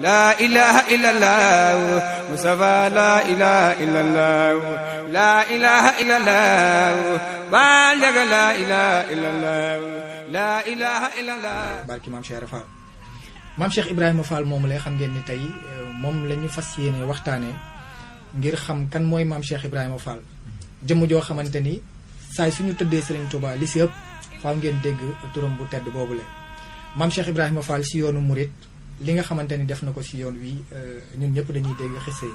laa ilaaha illallaah Mustafa laa ilaaha illallaah laa ilaaha illallaah laa ilaaha illallaah laa ilaaha illallaah barki maam Cheikh Fall moomu lay xam ngeen ni tey moom la ñu fas yéene waxtaane ngir xam kan mooy maam Cheikh Ibrahima Fall jëmm joo xamante ni saay suñu tëddee Serigne Touba li si ëpp faaw ngeen dégg turam bu tedd boobule maam Cheikh Ibrahima Fall si yoonu Mouride. li nga xamanteni def na ko ci yoon wi ñun ñëpp dañuy dégg xise yi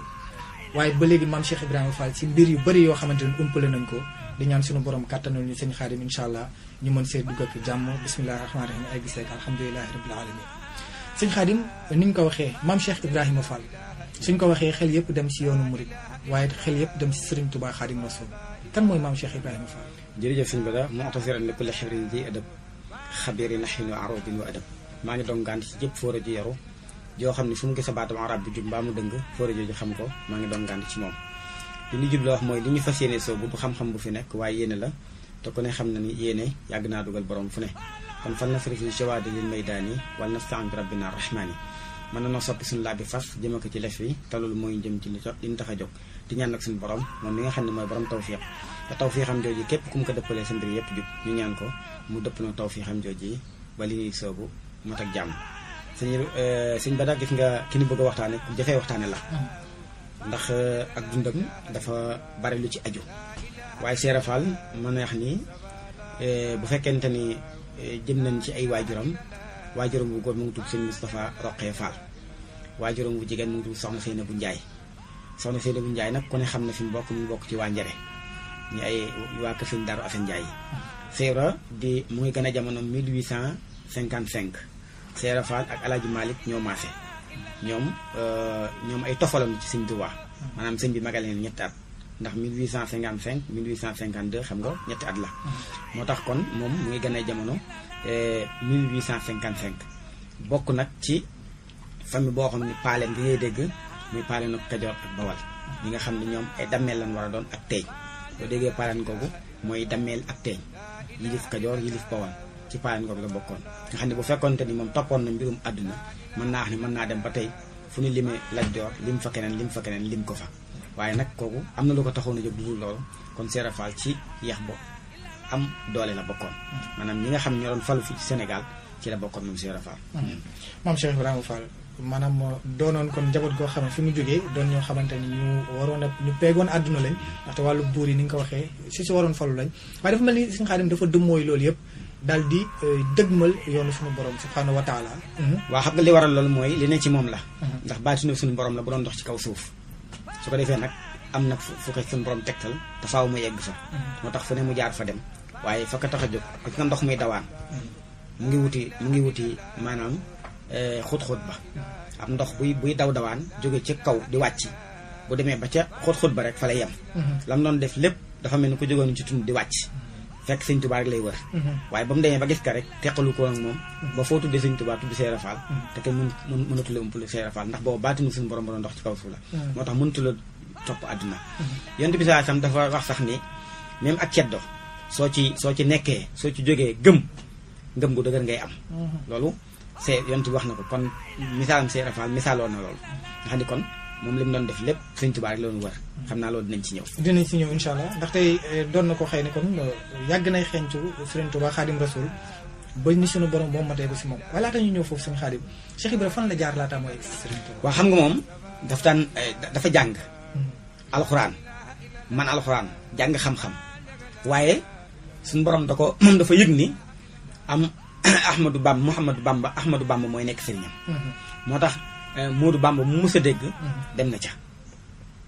waaye ba léegi maam Cheikh Ibrahima Fall ci mbir yu bëri yoo xamante ni umpale nañ ko di ñaan suñu borom kàttanal ñu seen xaadim incha allah ñu mën see dugg ak jàmm bisimilah rahmaani rahiim ay giseek alhamdulilahi rabil alamin sëñ xaadim ni ko waxee maam Cheikh Ibrahima Fall suñ ko waxee xel yëpp dem ci yoonu murid waaye xel yëpp dem ci Serigne Touba Xaadim Rasuul kan mooy maam Cheikh Ibrahima Fall jërëjëf sëñ Bada mu'tasiran li la xibrin di adab xabirin naxin wa arobin wa adab maa ngi doon gànt si jëpp foore ji yaru joo xam ne fu mu gis a baatam arab bi jub mbaa mu dëng fóore jooju xam ko maa ngi doon gànt ci moom li ñu jubloo wax mooy li ñu fas yéene soo bu xam-xam bu fi nekk waaye yéene la te ku ne xam na ni yéene yàgg naa dugal borom fu ne kon fan na fi fi jawaadi lil maydaan yi wal nastaan bi rabbina rahmaan yi mën na noo soppi suñu laa bi fas jëme ko ci lef yi talul loolu mooy jëm ci li ñu tax a jóg di ñaan nag suñu borom moom mi nga xam ne mooy borom tawfiq te tawfiixam jooju képp ku mu ko dëppalee sa mbir yépp jub ñu ñaan ko mu dëpp na tawfiixam jooju ba li ñuy soobu mat ak jàmm sëñ eh, sëñ Bada gis nga ki ni bëgg a waxtaane ku jafee waxtaane la ndax eh, ak dundam dafa bari lu ci aju waaye Cheikh Fall ma neex ni eh, bu fekkente ni jëm nañ ci ay waajuram waajuram bu góor mu ngi tudd sëñ Moustapha Roqee Fall waajuram bu jigéen mu ngi tudd soxna Seyna bu Njaay soxna Seyna bu Njaay nag ku ne xam na fi mu bokk mu bokk ci waa Njare ñu ay waa Kër Sëñ Daaru Asan Njaay Seera di mu ngi gën a jamono 1855 Seera Faal ak Aladji Malik ñoo maase ñoom euh, ñoom ay tofalam ci Seigne Touba manam Seigne bi magal leen at ndax 1855 1852 xam nga ñetti at la motax kon mom muy ngi jamono euh 1855 bokku nak ci fami bo xamni palé bi ngay dégg muy paale nu Kajoor ak Bawal yi nga xamni ne ñoom ay damel lan wara doon ak teeñ boo déggé palan googu moy damel ak teeñ yilif yi def Bawal ci paayan ngoom la bokkoon nga xam ne bu fekkonte ni moom toppoon na mbirum àdduna mën naa wax ne mën naa dem ba tey fu ñu limee laj joor lim fa keneen lim ko fa waaye nag kooku am na lu ko taxoon a jóg du loolu kon Seera Fall ci yax la bokkoon maanaam ñi nga xam ñoo doon falu fi ci Sénégal ci la bokkoon moom Seera Fall hmm. maam Cheikh Ibrahima Fall maanaam doonoon kon njaboot goo xam ne fi mu jógee doon ñoo xamante ni ñu waroon a ñu peegoon àdduna lañ ndaxte wàllu buur yi ni nga ko waxee si si waroon falu lañ waaye dafa mel ni si dafa dëmmooy loolu yëpp daal di euh, dëgmal yoonu suñu borom subhaanahu wa taala mhm. Mhm. waaw xam nga li waral loolu mooy li ne ci moom la mhm. ndax baatinu suñu boroom la bu doon dox ci kaw suuf su ko defee nag am nag fu ko suñu borom tegtal te faaw mu yegg fa moo tax fu ne mu jaar fa dem waaye fa ko tax a jóg ku ci nga ndox muy dawaan mu ngi wuti mu ngi wuti maanaam euh, xóot-xóot ba am ndox buy buy daw dawaan jóge ci kaw di wàcc bu demee ba ca xóot-xóot ba rek fa yam yem lam doon def lépp dafa mel ni ko jógoon fekk sëñ tubaa rek lay wër mhm. waaye ba mu demee ba gis ka rek teqalu ko ak moom mhm. ba foo tuddee sëñ tubaa tudd Seera Faal mhm. te kenn mën mënatula umpale Seera Faal ndax moo tax mënatula topp àdduna yonent bi saa sam dafa wax sax ni même ak ceddo soo ci soo ci nekkee soo ci jógee gëm ngëm gu dëgër ngay am loolu c'est yonent bi wax na ko kon misaalam a Faal misaaloo na loolu nga xam ni kon moom li doon def lépp sëñ Tuubaa rek la doon war xam naa loolu dinañ ci ñëw dinañ si ñëw incha allah ndax eh, doon na ko xëy ne kon euh, yàgg nay xencu sëriñ Tuubaa Xaadim Rasuul ba ni sunu borom boo matee ko si moom waaye laata ñu ñëw foofu sëñ Xaadim Cheikh Ibra fan la jaar laata mooy sëriñ xam nga moom daf daan eh, dafa jàng hmm. alxuraan man alxuraan jàng xam waaye suñ borom da ko moom dafa yëg ni am Ahmadou Bamba Mouhamadou Bamba Ahmadou Bamba mooy nekk sëriñam hmm. moo tax Eh, Moodu Bamba mu mës a dégg mm-hmm. dem na ca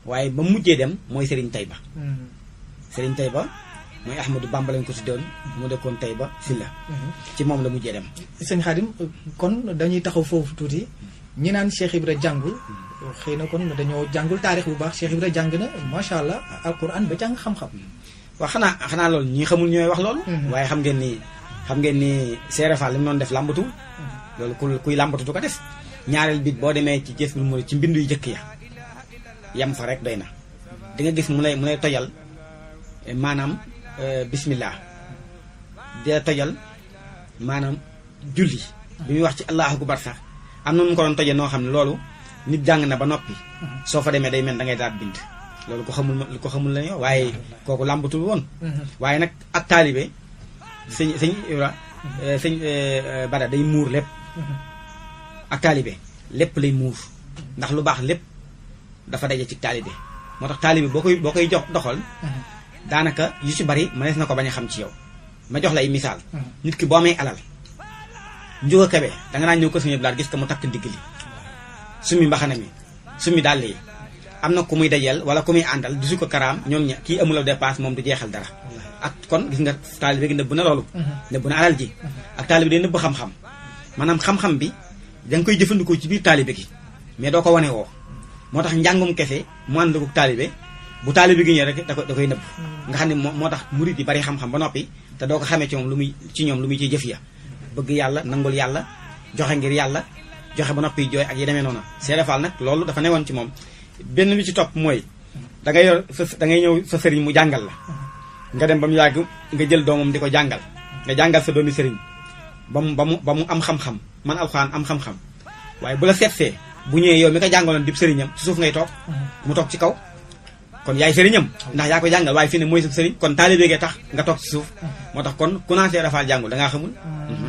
waaye ba mujjee dem mooy seriñ Serigne Taïba mm-hmm. Serigne ba mooy Ahmadou Bamba lañ ko tuddoon mu dëkkoon Taïba si la mm-hmm. ci moom la mujjee dem sëñ Xaadim kon dañuy taxaw foofu tuuti ñi naan Cheikh Ibra jàngul xëy na kon dañoo jàngul taarix bu baax Cheikh Ibra jàng na macha allah ba jàng xam-xam waaw xanaa xanaa loolu ñi xamul ñooy wax loolu waaye xam ngeen ni xam ngeen ni Seere Faal li mu noonu def làmbatu loolu ku kuy làmbatu du ko def ñaareel bi boo demee ci gës bi ci mbindu yu jëkk ya yam fa rek doy na di nga gis mu lay mu lay tojal maanaam euh, bismillah di la tojal maanaam julli bi muy wax ci allahu akbar sax am na mu ko doon toje noo xam ne loolu nit jàng na ba noppi soo fa demee day mel da ngay daal bind loolu ko xamul ko xamul la ñoo waaye kooku làmbatul woon waaye nag ak taalibe sëñ sëñ Ibra euh, sëñ euh, Bada day muur lépp ak taalibe lépp lay muuf ndax lu baax lépp dafa daje ci taalibe moo tax taalibe boo koy boo koy jox doxal mhm. daanaka yu ci bari mënees na ko bañ xam ci yow ma jox lay ay misaal mhm. nit ki boo amee alal njuga kabe danga naa ñëw ko suñu blaat gis ko mu takk ndigg li summi mbaxana mi summi dàll yi am na ku muy dajeel wala ku muy àndal du su ko karaam ñoom ña kii amula dépasse moom du jeexal dara ak kon gis nga taalibe gi nëbb na loolu mhm. nëbb na alal ji ak taalibe day nëbb maanaam xam bi da nga koy jëfandikoo ci biir taalibe gi mais doo ko wane woo moo tax njàngum kefe mu ànd ko taalibe bu taalibe gi ñëw rek da koy da nëbb nga xam ne moo tax murid yi bari xam-xam ba noppi te doo ko xamee ci moom lu muy ci ñoom lu muy ciy jëf ya bëgg yàlla nangul yàlla joxe ngir yàlla joxe ba noppi jooy ak yi demee noona Seere Faal nag loolu dafa newoon ci moom benn bi ci topp mooy da ngay yor sa da ngay ñëw sa sëriñ mu jàngal la nga dem ba mu yàgg nga jël doomam di ko jàngal nga jàngal sa doomi sëriñ ba mu ba mu ba mu am xam man alxuraan am xam-xam waaye bu la seet seetsee bu ñëwee yow mi ko jàngaloon dib sëriñam ci suuf ngay toog mu toog ci kaw kon yaay sëriñam ndax yaa ko jàngal waaye fi ne mooy sa sëriñ kon taalibe gee tax nga toog ci suuf moo tax kon ku naan Cheikh Rafal jàngul dangaa xamul mm-hmm.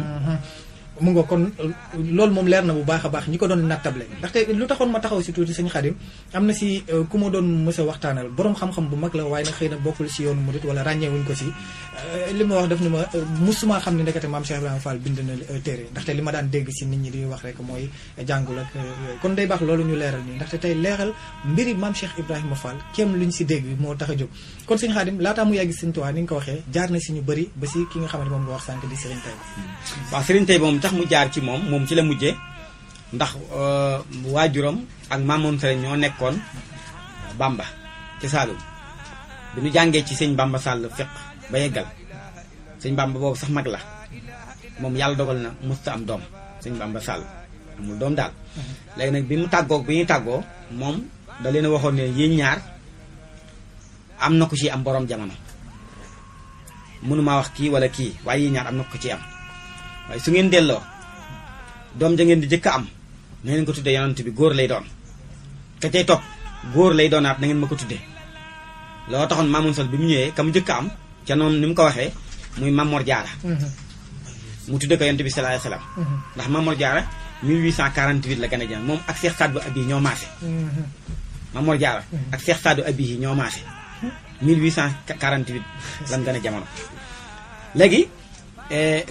mu nga kon loolu moom leer na bu baax a baax ñi ko doon nattable ndaxte lu taxoon ma taxaw si tuuti sëñ Xadim am na si euh, ku ma doon mës a waxtaanal borom xam-xam bu mag la waaye nag xëy na bokkul si yoonu murit wala ràññeewuñ ko si euh, li ma wax def ni ma euh, musuma xam ne ndekete maam Cheikh Ibrahima Fall bind na téere ndaxte li ma daan dégg si nit ñi di wax rek mooy jàngul ak kon day baax loolu ñu leeral nii ndaxte tey leeral mbiri maam Cheikh Ibrahima Fall kéem luñ si dégg moo tax jóg kon sëñ Xaadim laataa mu yàgg sëñ Tuubaa ni nga ko waxee jaar na si ñu bëri ba si ki nga xamante moom nga wax sànq di Serigne tey hmm. waaw moom tax mu jaar ci moom moom ci la mujjee ndax euh, waajuram ak maamoom ñoo nekkoon Bamba ci Saalum jàngee ci sëñ Bamba Sall fiq ba yeggal sëñ Bamba boobu sax mag la moom yàlla dogal na musta am doom sëñ Bamba Sall amul doom daal hmm. léegi nag bi mu tàggoog bi ñuy tàggoo moom da leen waxoon ne ñaar am na ko ci am borom jamono mënumaa wax ki wala ki waye ñaar am na ko ci am waye su ngeen delo dom ja ngeen di jëk am na ngeen ko tuddé yonent bi goor lay doon ka tay top goor lay doonat na ngeen mako tuddé lo taxon mamoun maamun bi mu ñëwé kam jëk am ca non nim ko waxé muy Mamor Jaara mhm. mu tuddé ko yonent bi sallallahu alayhi wasallam mhm. ndax Mamor Jaara 1848 la gëna jëm moom ak Cheikh Sadou Abi ñoo maafé mhm. Mamor Jaara ak Cheikh Sadou Abi ñoo maafé 1848 lan gën a jamono léegi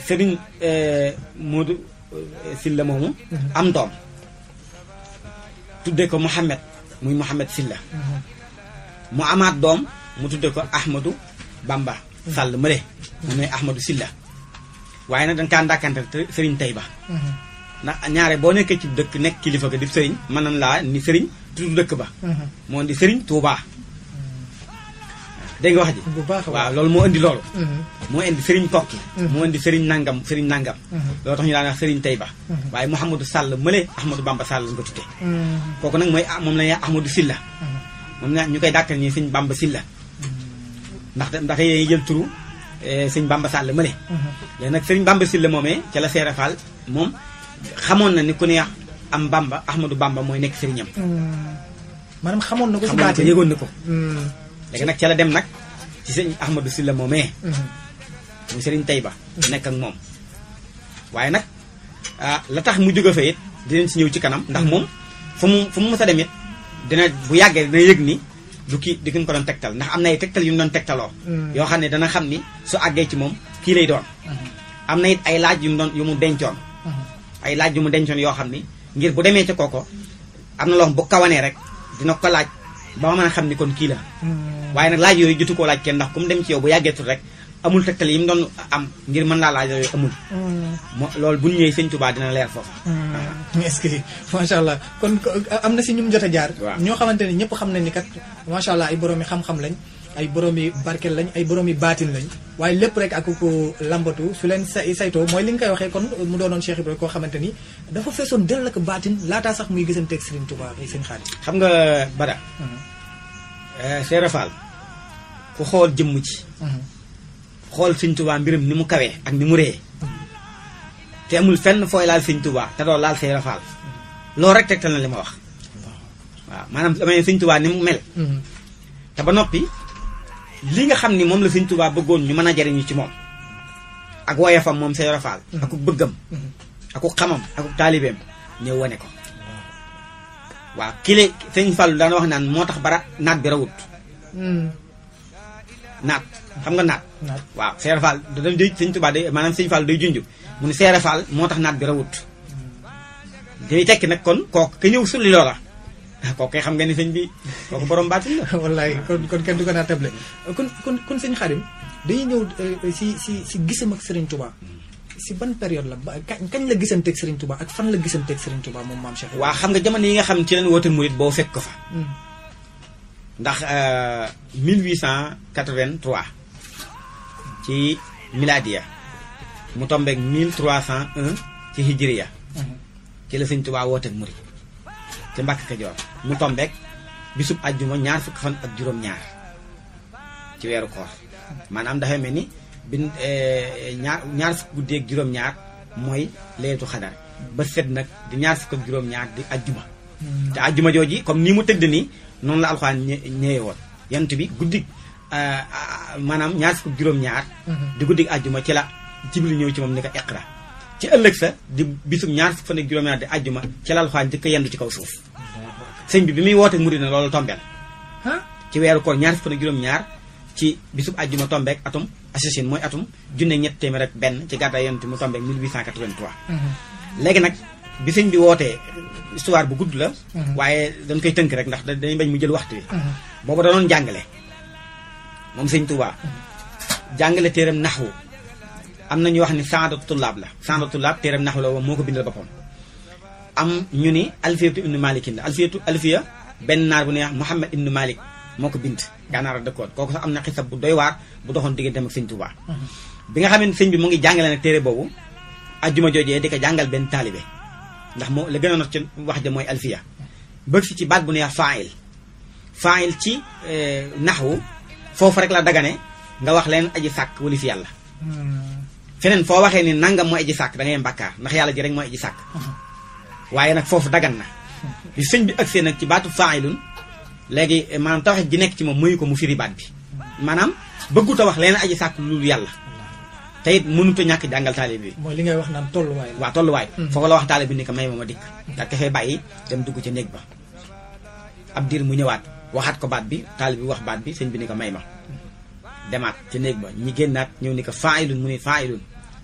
Serigne eh, eh, Modou eh, Silla moomu am doom tudde ko Mouhamed muy Mouhamed Silla mu amaat doom mu tudde ko Ahmadou Bamba ma Mële mu ne Ahmadou Silla waaye nag dañ kaa ndàkkante Serigne Taïba ndax ñaare boo nekkee ci dëkk nekk kilifa ga di Serigne mën nañ laa ni Serigne tudd dëkk ba mhm. moo di Serigne Touba dégg nga wax ji bu baax waaw loolu moo indi loolu mhm. moo indi sëriñ tokki mhm. moo indi sëriñ nangam sëriñ nangam mhm. loolu tax ñu daan wax sëriñ Tayba waaye Mouhamadou Sall mële Ahmadou Bamba Sall nga ko tuddee kooku nag mooy ah, moom la ñuy Ahmadou Silla moom na ñu koy dàkkal nii sëñ Bamba Silla ndax ndax dañuy jël turu eh, sëñ Bamba Sall mële léegi nag sëriñ Bamba Silla moomee ca la Seere Fall moom xamoon na ni ku ne am Bamba Ahmadou Bamba mooy nekk sëriñam maanaam xamoon na ko si baatee yëgoon na ko léegi nag ca la dem nag ci sëñ Ahmadou Sylla moomee mhm. muy sëriñ Tayba mhm. nekk ak moom waaye nag ah, la tax mu jóge fa it dinañ si ñëw ci kanam ndax mhm. moom fu mu fu mu mës a dem it dina bu yàggee dina yëg ni du kii di ko doon tegtal ndax am na ay tegtal yu mu doon tegtaloo yoo xam ne dana xam ni su àggee ci moom kii lay doon am na it ay laaj yu mu yu mu dencoon ay laaj yu mu dencoon yoo xam ni ngir bu demee ca kooko am na loo xam bu kawanee rek dina ko laaj ba ma a xam ni kon kii la hmm. waaye nag laaj yooyu jotu koo laaj kenn ndax ku mu dem ci yow bu yàggeetul rek amul tegtal yi mu doon am ngir mën laa laaj yooyu amul hmm. moo loolu bu ñu ñëwee sëñ Tuubaa dina leer foofu hmm. est-ce que allah kon am na si ñum jot a jaar ñoo xamante ne ñëpp xam nañ ni kat macha allah ay boroomi xam-xam lañ ay boromi barkel lañ ay boromi batin lañ waye lepp rek ak ko lambatu su len say sayto moy li nga waxe kon mu doonoon Cheikh ibrahim ko xamanteni ni dafa feesoon dell ak baatin laataa sax muy gisanteeg Serigne Touba ay serigne xaalis. xam nga Bada. Mhm. Eh, Cheikh Rafal ku xol jëm ci. Mhm. xol Serigne Touba mbirum ni mu kawé ak ni mu ré mhm. té amul fenn foy laal Serigne Touba té do laal Cheikh Rafal lo rek tegtal na li ma wax. waaw damay Serigne Touba ni mu mel. ba noppi. lii nga xam ni moom la Sëñ Tuubaa bëggoon ñu mën a jariñu ci moom ak woyafam moom Seydou Fall mm-hmm. aku bëggam aku xamam aku taalibeem ñëw wane ko mm-hmm. waaw kile Sëñ Fallu daana wax naan moo tax bara naat bi rawut mm-hmm. naat xam nga naat waaw Seydou Fall da day Sëñ Tuubaa day maanaam Sëñ Fall day junj mu ne Seydou moo tax naat bi rawut day tekki nag kon kooku ka ñëw sulli loola Kok kay xam nga ni sëñ bi kooku borom baatin la. wallaay kon kon kenn du ko naa kon kon kon sëñ Xadim dañuy ñëw euh, si si si gisam ak Serigne Touba. si ban période la ba kañ la gisanteeg Serigne Touba ak fan la gisanteeg Serigne Touba mom mam Cheikh. wa xam nga jamono yi nga xam ci leen wote mourid bo fekk ko fa. Hmm. ndax 1883 euh, ci miladia mu ak 1301 ci hijriya. Hmm. ci la Serigne Touba wooteeg mourid ca Mbàkke Kajoor mu tombeek bisub àjjuma ñaar fukki fan ak juróom-ñaar ci weeru koor maanaam dafa mel ni bi eh, ñaar ñaar fukki guddi ak juróom-ñaar mooy leetu xadar ba set nag di ñaar fukk ak juróom-ñaar di àjjuma hmm. te àjjuma comme nii mu tëdd nii noonu la alxuraan ñëwee woon yant bi guddi ah, ah, maanaam ñaar fukk juróom-ñaar hmm. di guddi àjjuma ci la ci jibril ñëw ci moom ni ko iqra ci ëllëg sa di bisum ñaar fukk fan ak juróom-ñaar di àjjuma ci lal xaañ di yendu ci kaw suuf sëñ bi bi muy woote murid na loolu tombeel ci weeru koor ñaar fukk fan ak juróom-ñaar ci bisub àjjuma tombeek atum assasin mooy atum junne ñett téeméer ak benn ci gàddaay yonent mu tombeek 1883 mhm. léegi nag bi sëñ bi wootee histoire bu gudd la mhm. waaye dañ koy tënk rek ndax dañuy bañ mu jël waxtu bi mhm. boobu danoon jàngale moom sëñ Touba jàngale téeram naxwu am na ñu wax ni saadatu tullaab la saadatu tullaab téeram naxu la moo ko bindal boppam am ñu ni alfiyatu ibnu malikin la alfiyatu alfiya benn naar bu neex Muhammad ibnu Malik moo ko bind gànnaar a dëkkoon kooku sax am na xisab bu doy waar bu doxoon digganteem ak sëñ Tuubaa bi nga xam ne sëñ bi mu ngi jàngale nag téere boobu ajjuma joojee di ko jàngal benn taalibe ndax moo la gënoon ci wax ja mooy alfiya bëgg ci baat bu neex faayil faayil ci eh, naxwu foofu rek la dagane nga wax leen aji sàkk wali feneen fo waxe ni nangam mooy aji sàkk da ngay mbàkkaar ndax yalla ji rek mooy aji sàkk waaye nag dagan na bi señ bi agsee nak ci batu fa'ilun legi eh, manam tawaxe ji nek ci mom moy ko mu firi bat bi manam beggu ta wax leen aji sàkk loolu yàlla te it mënut a ñàkk bi moy li ngay wax way wa tollu way hmm. foofu la wax talib bi ni ko may dik da ka fay bayyi dem dugg ci ba abdir mu ñewat waxat ko bat bi talib bi wax bat bi señ bi ni ko may ma demat ci néeg ba ñi gennat ñew ni ko fa'ilun mu ni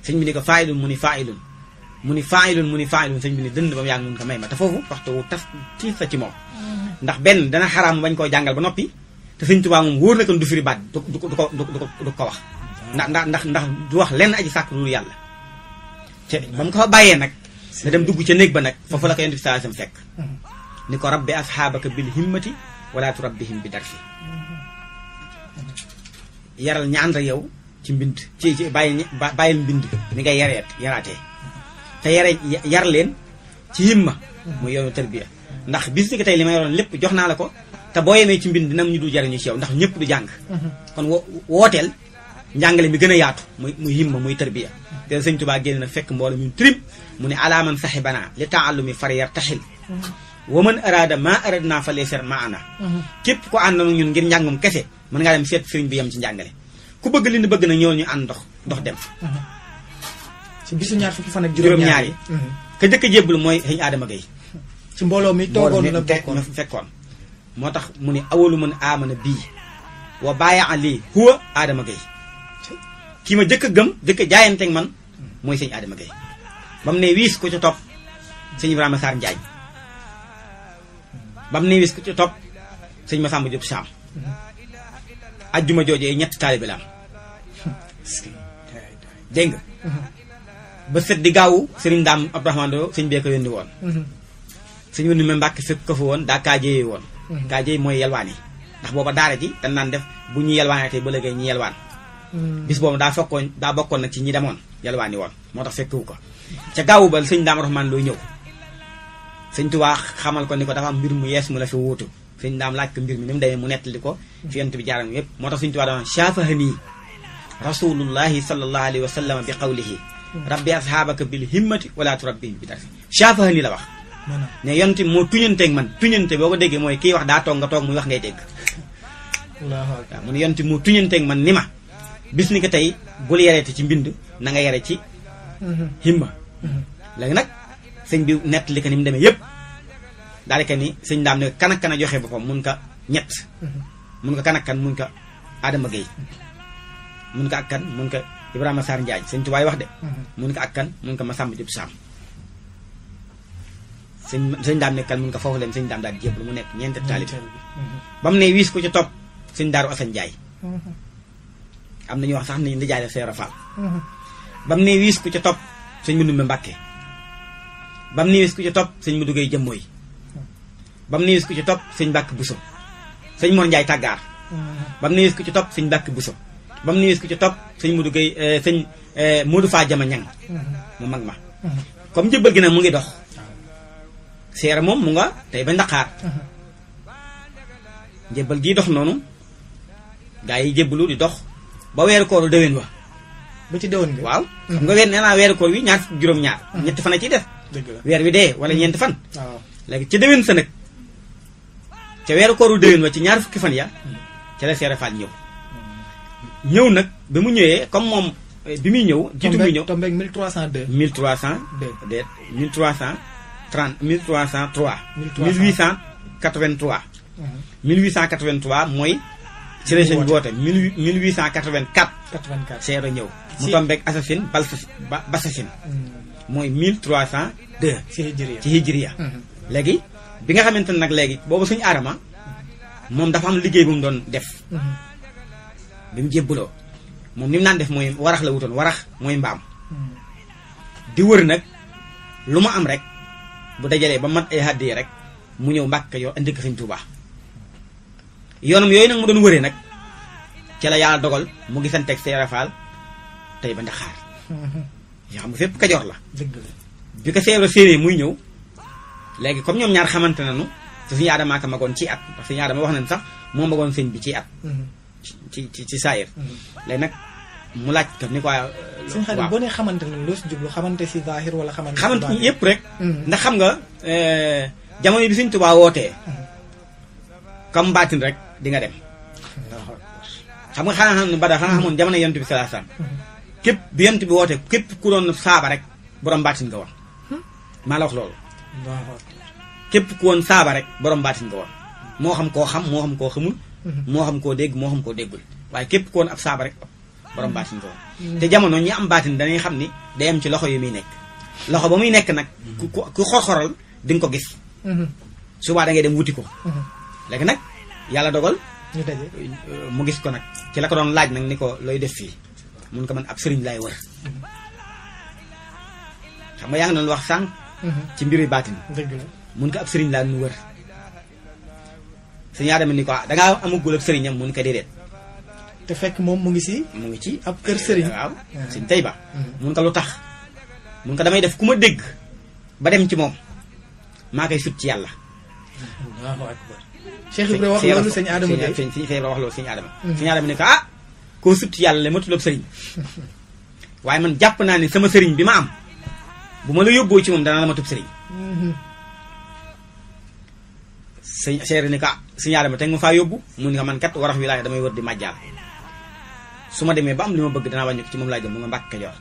sëñ bi ni ko fa'ilun mu ni faayilun mu ni faayilun mu bi ni dënd ba mu ko may ma ta fofu waxtu wu taf ci sa ci mom mm. ndax ben dana haram, bañ ko jangal ba nopi te sëñ tuba mom woor na ko du firi baat du ko du ko du ko wax ndax ndax ndax du wax len aji sàkk loolu yalla te bam ko baye nak da dem dugg ci neeg ba nak fofu la ko yëndu sa sam fekk mm. ni ko rabbi ashabaka bil himmati wala turabbihim bi mm-hmm. yaral ñaan yow ci mbind ci ci bàyyi bàyyil mbind mi nga yareet yaraatee te yare yar leen ci ma muy yoonu tarbiya ndax bis ni tey li ma yoroon lépp jox naa la ko te boo yemee ci mbind nam ñu du jariñu ci ndax ñëpp du jàng mm-hmm. kon wo wooteel mi gën a yaatu muy muy yimma muy tarbiya te sëñ Tuubaa génn fekk mbooloo ñun trim mu ne alaaman saxibana li taallumi far yar taxil mm-hmm. wa man araada maa aradnaa fa leeser ma ana mm-hmm. képp ko àndoon ñun ngir njàngum kese mën ngaa dem seet sëriñ bi yem ci njàngale ku bëgg li ni bëgg na ñoo ñu and dox dox dem ci uh-huh. bisu ñaar fukki fan ak juroom ñaari uh-huh. ka jëkk jébbal mooy xëñ aadama gay ci mbooloo mi toogoon la bokkoon ñu fekkoon moo tax mu ne awalu man aamana bii wa bàyyi ali huwa aadama gay ki ma jëkk gëm jëkk jaayanteeg man mooy sëñ aadama gay bam ne wiis ku ci top sëñ ibrahima sar njaay bam ne wiis ku ci top sëñ masamba jóob saam uh-huh. ajjuma joojee ñetti taalibe laam dégg nga. ba sët di gaawu sëriñ daam Abdourahmane Lo sëñ bee ko ni woon. Mhm. sëñ bi nu mu mbàkk fekk ko fa woon daa kaajee woon. Mhm. kaajee mooy yelwaani ndax booba daara ji naan def bu ñu yelwaanee tey ba léegi ñu yelwaan. Mhm. bis boobu daa fekkoon daa bokkoon nag ci ñi demoon yelwaani woon moo tax fekkiwu ko ca gaawu ba sëñ daam Abdourahmane ñëw. sëñ xamal ko ni ko dafa mbir mu yees mu la fi wuutu sëñ laaj ko mbir mi ni mu demee mu nettali ko. fi yonent bi jaaram rasulullahi sallallahu alayhi wa sallam bi qawlihi rabbi asxaabaka bil himmati wala turabbihim bi darsi saafahani la wax ne yonti moo tuñanteeg man tuñante boo ko déggee mooy kii wax daa toog nga toog muy wax ngay dégg waaw mu ne yonti moo tuñanteeg man ni ma bis ni ko tey bul yareeti ci mbind na nga yare ci mhm. himma mhm. léegi nag sëñ bi nett li ko ni mu demee yépp daal di ni sëñ daam ne kan a joxe boppam mun ko ñett mhm. mun ko kan ak ko Adama Gueye mun ko ak kan mun ko Ibrahima Sarr Ndiaye sëñ Tubaay wax de. Mhm. mun ko ko Masamba Diop Samb. sëñ sëñ daam nekkal mun ko foofu leen sëñ daam daal jéem lu mu nekk ñeenti mhm. taalib. Mhm. ba mu ne wiis ku ci topp sëñ Daaru Assane Ndiaye. am na ñuy ba mu ne wiis ku ci topp sëñ ba mu ne wiis ku ci topp sëñ Modou Jëmmooy. ba mu ne wiis ku ci topp sëñ Mbacke Bousso. sëñ Mor Ndiaye Tàggaar. ba ne wiis ku ci topp sëñ Mbacke Bousso. ba mu nuyee ku ci topp sëñ Modou Gueye eh, sëñ eh, Modou Faa Jama Ñang mm-hmm. mu mag ma mm-hmm. comme njëbbal gi nag mu ngi dox seere moom mu nga tey ba Ndakaar njëbbal mm-hmm. gii dox noonu gaa yi jébbalu di dox ba weeru kooru déwén wa ba ci déwén bi waaw xam nga weer nee naa weeru koor wi ñaar fukk juróom-ñaar ñetti fan a ciy def weer wi dee wala ñeenti fan léegi ci déwén sa nag ca weeru kooru déwén wa ci ñaar fukki fan ya ca la seere faal ñëw ñëw nag bi mu ñëwee comme moom eh, bi muy ñëw. jiitu muy ñëw tombé tombé 1302. 1300. 2 déet 1330 1303. 1300 1883. 1883 mooy. ci la sëñ woote 1884. 84 seer a ñëw. mu tombeeg assassin balsas basasin. Hmm. mooy 1302. ci hijriya ci hijriya. Mhm. léegi bi nga xamante ne nag léegi boobu suñu aadama moom dafa am liggéey bu mu doon def. Mhm. Bim mu jébbaloo moom ni mu naan def mooy warax la wutoon warax mooy mbaam di wër nag lu ma am rek bu dajalee ba mat ay hàddi rek mu ñëw mbàkk yoo indi ko sëñ tuuba yoonam yooyu nag mu doon wëree nag ci la yàlla dogal mu gisanteeg seere faal tey ba ndaxaar yoo xam nga fépp kajoor la bi ko seere muy ñëw léegi comme ñoom ñaar xamante nanu suñu ka magoon ci at ndax suñu wax nañ sax magoon sëñ bi ci at mm-hmm. ci ci ci saayir mm-hmm. léegi nag mu laaj ko ni ko suñ boo nee xamante nag loo si jublu xamante si zaahir wala xamante xamante yëpp rek mm-hmm. ndax xam nga eh, jamono bi suñ tubaa wootee mm-hmm. comme baatin rek di nga dem xam nga xanaa xam ne bada xanaa xamoon jamono yonent bi salaa salaam képp bi yonent bi wootee képp ku doon saaba rek borom baatin nga woon hmm? maa la wax loolu képp ku woon saaba rek borom baatin nga woon moo xam koo xam moo xam koo xamul moo xam koo dégg moo xam koo déggul waaye képp koon ab saaba rek borom baatin ko te jamono ñi am baatin danay xam ni day am ci loxo yi muy nekk loxo ba muy nekk nag ku ku xorxoral di nga ko gis mhm. subaa da ngay dem wuti ko mhm. léegi nag yàlla dogal euh, mu gis ko nag ci la ko doon laaj nag ni ko looy def fii mun ko man ab sëriñ laay wër mhm. xam nga yaa ngi doon wax sànq ci mbiru baatin mun ko ab sëriñ laa nu wër sëñ Adama ni ko ah dangaa amagul ak serigne mu ni ko dedet te fekk mom mu ngi ci mu ngi ci ab keur serigne waaw sëñ tayba ba mun ko lutax tax mun ko damay def kuma deg ba dem ci mom ma kay sut ci yalla allahu akbar Cheikh Ibra wax lolu sëñ Adama de sëñ Cheikh Ibra wax lolu sëñ Adama sëñ Adama ni ko ah koo sut ci matul ak serigne waye man japp na ni sama serigne bi ma am buma la yobbo ci moom dana la matub serigne hmm sëñ ni ka signalé ma teg ma faa yóbbu mu ni man kat warax wilaya damay wër di màjjaal suma démé ba am lima bëgg dana wañu ci mom laa jëm mu nga mbàkk jox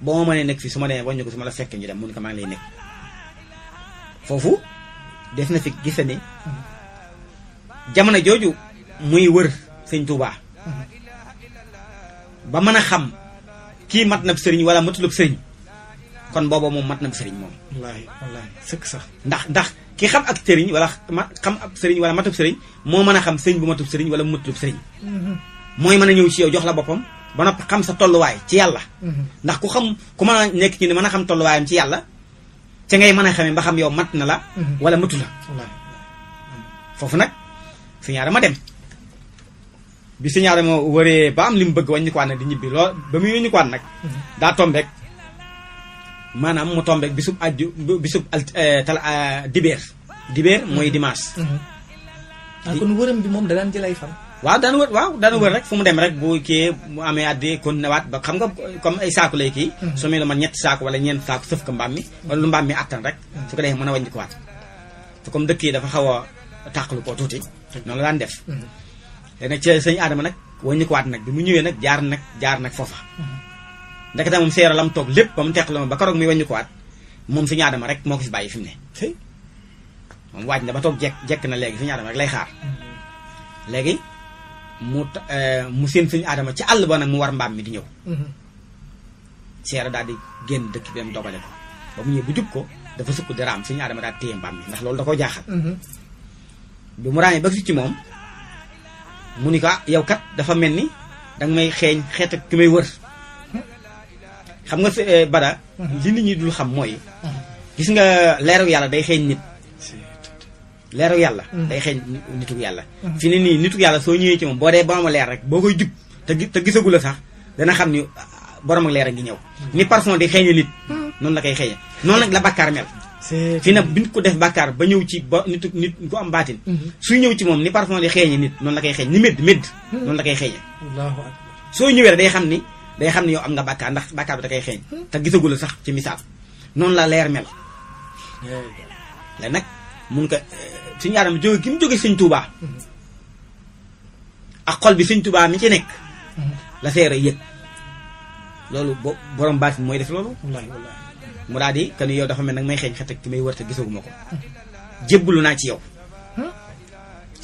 bo mo mané nek fi suma démé wañu ko suma la fekk ñu dem mu ni ka ma ngi lay nek fofu def na fi gise ni jamana joju muy wër seigne touba ba mëna xam ki mat na serigne wala matulub serigne kon booba moom mat na sëriñ moom. wallaahi wallaahi sëkk sax. ndax ndax ki xam ak sëriñ wala xam ab sëriñ wala matub sëriñ moo mën a xam sëriñ bu matub sëriñ wala bu matub sëriñ. Mm-hmm. mooy mën a ñëw ci yow jox la boppam ba noppi xam sa tolluwaay ci yàlla. Mm-hmm. ndax ku xam ku mën a nekk ci ni mën a xam tolluwaayam ci yàlla ca ngay mën a ba xam yow mat na la. Mm-hmm. wala matu la. foofu nag suñu aadama dem. bi suñu aadama wëree ba am li mu bëgg wàññi ko di ñibbi lool ba muy wàññi ko nag daa tombeek maanaam mu tombeek bisub ajju bisub al euh, tal euh, dibeer dibeer mooy dimanche. Mhm. ah kon wërëm bi moom da daan jël ay fan. waaw daan wër waaw daan wër rek fu mu dem rek bu kii mu amee addi kon newaat ba xam nga comme ay saaku lay kii. su ma lu man ñetti saaku wala ñeent saaku sëf ko mbaam mi. wala lu mbaam mi attan rek. Mhm. su ko defee mën a wàññi ko waat te comme dëkk yi dafa xaw a tàqalu koo tuuti. noonu la daan def. Mhm. léegi nag ci sëñ Adama nag wàññi ko waat nag bi mu ñëwee nag jaar nag jaar nag foofa. ndekete mom séra lam tok lepp bam mu teq ba karok mi wàññi ko wat mom suñu aadama rek moko ko fi bàyyi fi mu ne na ba tok jek jek na léegi suñu aadama rek lay xaar mm-hmm. léegi mu euh mu seen suñu aadama ci àll ba nak mu war mbam mi di ñew mm-hmm. séra daal di genn dekk bi am dogalé ko ba mu ñew bu jup ko dafa sukk de ram suñu aadama daal tey mbam mi ndax loolu da ko jaaxal mm-hmm. bi mu raamee ba ci moom mu ni ka ah, yow kat dafa melni dang may xéñ xeet ak ki wër xam nga si eh, Bada. Mhm. li nit ñi dul xam mooy. Mhm. gis nga leeru yàlla day xeeñ nit. leeru yàlla. Mhm. day xeeñ nitu yàlla. fi ne nii nitu yàlla soo ñëwee ci moom boo dee borom leer rek boo koy jub te te gisagu la sax dana xam ni ah, borom leer a ngi ñëw. ni parfum di xeeñe nit. noonu la koy xeeñe noonu nag la bàkkaar mel. fi na bi ko def bàkkaar ba ñëw ci ba nit nit ñëw ci moom ni parfum di xeeñe nit noonu la koy xeeñ ni médd médd. noonu koy xeeñe. soo ñëwee rek day xam ni. day xam ne yow am nga bàkkaar ndax bàkkaar bi da kay xeeñ te gisagu sax ci misaal noonu la leer mel la nag mun ko eh, suñu aadama jóge gi mu jóge sëñ Tuubaa ak xol bi sëñ Tuubaa mi ci nekk la seere yëg loolu bo borom baat mooy def loolu mu daal di que yow dafa mel nag may xeeñ xet ak ki may wër te gisaguma ko jébbalu naa ci yow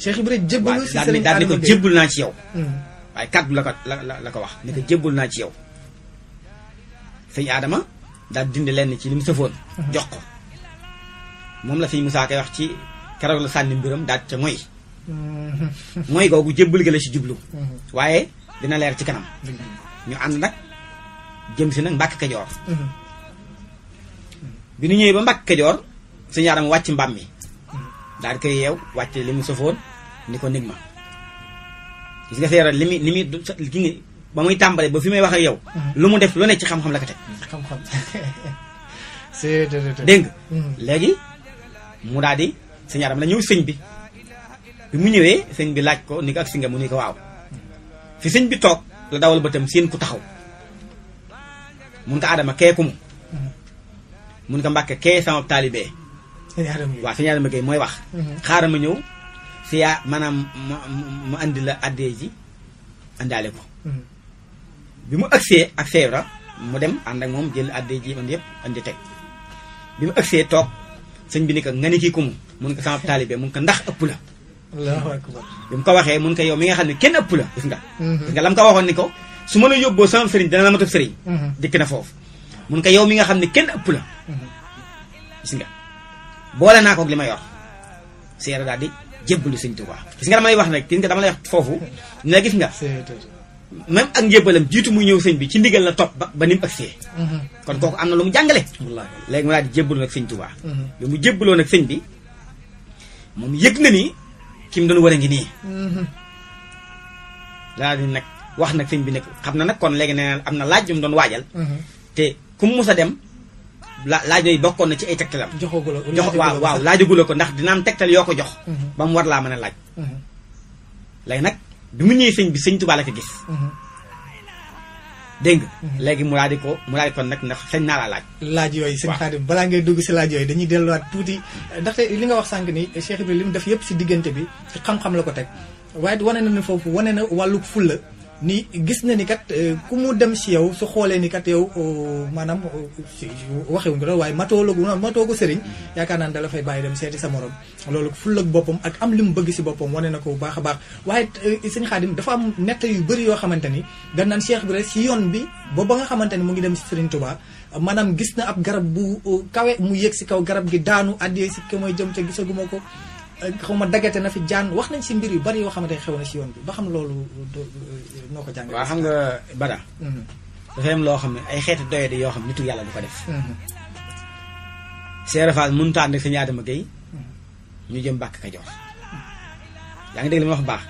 Cheikh Ibrahima jébbalu si sëriñ daal ni naa ci yow hmm. waaye kàddu la ko la la ko wax ni ko jébbul naa ci yow sëñ aadama daal dindi lenn ci li mu sëfoon uh-huh. jox ko moom la sëñ Musaa Ka wax ci keroog la sànni mbiram daal ca mooy uh-huh. mooy googu jébbal gi la ci jublu uh-huh. waaye dina leer ci kanam ñu ànd nag jëm si nag Mbàkke Kajoor bi nu ñëwee ba Mbàkke Kajoor sëñ aadama wàcc mbaam mi daal di koy yeew wàcc li mu sëfoon ni ko nig ma gis nga seeral ni muy li muy gi nga ba muy tàmbale ba fi may waxee yow mm-hmm. lu mu def lu ne ci xam-xam la ko teg xam dégg nga mm-hmm. léegi mu daal di sëñ Adama la ñëw sëñ bi bi mu ñëwee sëñ bi laaj ko ni ak si nga mu ni ko waaw fi sëñ bi toog la dawal tam seen ku taxaw mun ko Adama keeku mu mm-hmm. mun ko Mbàkke kee sama taalibee waa sëñ Adama Gueye mooy wax xaaral ma ñëw fiya manam mu andi la addee ji andaale ko mhm. bi mu agsee ak feebra mu dem and ak mom jël addee ji man yëpp andi tek bi mu agsee tok señ bi ni ko ngani ki kum mu mun ko sama talibé mun ko ndax ëpp la allahu akbar bi mu ko waxé mun ko yow mi nga xamni kenn ëpp la gis nga mhm. nga lam ko waxon ni ko su ma la sama sëriñ dana la ma tok sëriñ mhm. dik na fofu mun ko yow mi nga xamni kenn ëpp la gis nga boole naa ko ak ma yor séra daal di jébbalu sëñ Tuubaa gis nga dama lay wax nag gis nga dama lay wax foofu ne gis nga même ak njébbalam jiitu muy ñëw sëñ bi ci ndigal la topp ba ba ni mu mm-hmm. kon kooku am na lu mu jàngale léegi mu daal di jébbalu nag sëñ Tuubaa mm-hmm. bi mu jébbaloo nag sëñ bi moom yëg na ni ki mu doon war a ngi nii mm-hmm. daal di nag wax nag sëñ bi nag xam na nag kon léegi nee na am na laaj yu mu doon waajal te ku mu mus dem la laaj yooyu bokkoon na ci ay tegtalam. joxagula jox waaw ko ndax dina am tegtal yoo ko jox. Mhm. ba mu war laa mën a laaj. Mhm. léegi nag bi mu ñëwee sëñ bi sëñ Tuubaa mhm. dégg nga léegi mu ko mu laaj kon nag ndax sañ naa laa laaj. laaj yooyu sëñ Xaadim balaa ngay dugg si laaj yooyu dañuy delluwaat tuuti ndaxte li nga wax sànq ni Cheikh Ibrahima li mu def yëpp si diggante bi ci xam-xam la ko teg waaye wane na ne foofu wane na wàllu fulla ni gis na ni kat euh, ku mu dem si yow su xoolee ni kat yow euh, maanaam euh, waxewuñ ko doon waaye matoo la gu matoo ko sëriñ yaakaar naan dala fay bàyyi dem seeti sa morom loolu fulak boppam ak am li mu bëgg si boppam wane na ko bu baax a baax waaye sëñ Xaadim dafa am nett yu bëri yoo xamante ni dañ naan Cheikh bi rek si yoon bi ba ba nga xamante ni mu ngi dem si sëriñ Touba maanaam gis na ab garab bu kawe mu yéeg si kaw garab gi daanu addee si ki mooy jëm ca gisaguma ko xaw ma daggate na fi jaan wax nañ si mbir yu bari yoo xamante ne xew na si yoon bi ba xam loolu xam nga Bada. Mm-hmm. dafa am loo xam ne ay xeetu doyadi yoo xam ne nitu yàlla du ko def. Mm-hmm. Seera Faal mënut a ànd ak Sëñ Adama Gueye mm-hmm. jëm Mbàkke Kajoor. yaa ngi dégg li ma wax baax.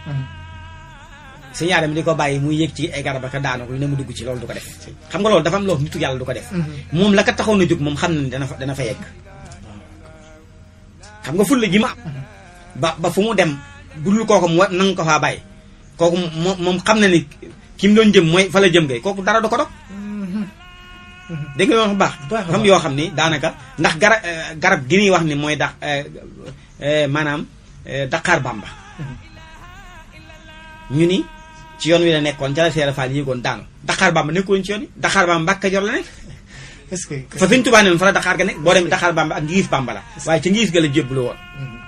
Sëñ Adama di ko bàyyi muy yéeg ci ay garab ak daanaka lu mu dugg ci loolu du ko def. xam nga loolu dafa loo xam nitu yàlla du def. moom la ka taxoon na jóg moom xam na ne fa dana fa yegg. nga fulla ji ba ba fu mu dem budul kooku mu nanga ko faa bàyyi kooku moom moom xam na ni kiim mu doon jëm mooy fa la jëm kooku dara du ko dog mm-hmm. dégg nga yoon baax xam yoo xam ni daanaka ndax gara eh, garab gi ñuy wax ni mooy dax eh, eh, maanaam daqaar bamba mm-hmm. ñu ni ci yoon wi la nekkoon ca la seera faal yéegoon daanu daqaar bamba nekkoon ci yoon yi daqaar bamba Mbàkke Kajoor la nekk fa Sëñ Tuubaa ne fa la daqaar ga nekk boo demee daqaar bamba ak ngiis bamba la waaye ci ngiis ga la jébbalu woon mm-hmm.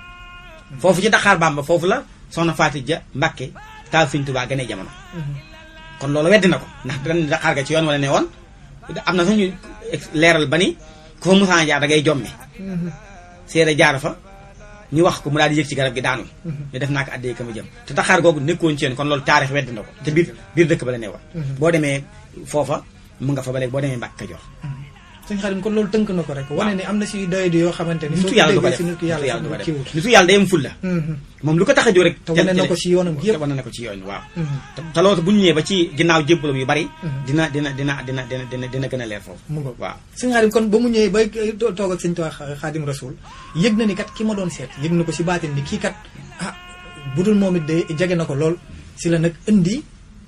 foofu ci Dakar Bamba foofu la soxna Faati Ja Mbàkke taal Sëñ Tuubaa gane jamono. Mm-hmm. kon loolu weddi na ko ndax dañu Dakar ga ci yoon wala ne woon am na suñu leeral ba ni ku fa musaan jaar da ngay jommi. Mm-hmm. séeréer jaar fa ñu wax ko mu daal di yëg ci garab gi daanu. Mm-hmm. ñu def naa ko àddee ka mu jëm te Dakar googu nekkoon ci yoon kon loolu taarix weddi na ko te biir biir dëkk ba la ne woon. boo demee foofa mu nga fa ba léegi boo demee Mbàkke Kajoor sëñ Xaadim kon loolu tënk na ko rek. wane ni am na si doyadi yoo xamante ni. nitu yàlla du ko def nitu yàlla du ko def nitu fulla. Mm-hmm. moom lu ko tax a jóg rek. te wane na ko mm-hmm. ci yoonam yëpp loolu ba dina dina dina dina dina dina dina gën a leer foofu. mu ngoog waaw sëñ Xaadim kon ba mu ñëwee bay eh, toog ak sëñ Tuubaa eh, yëg na ni kat ki ma doon seet yëg na ko si baatin ni kii kat ah budul moom de jege na ko lool si la nag indi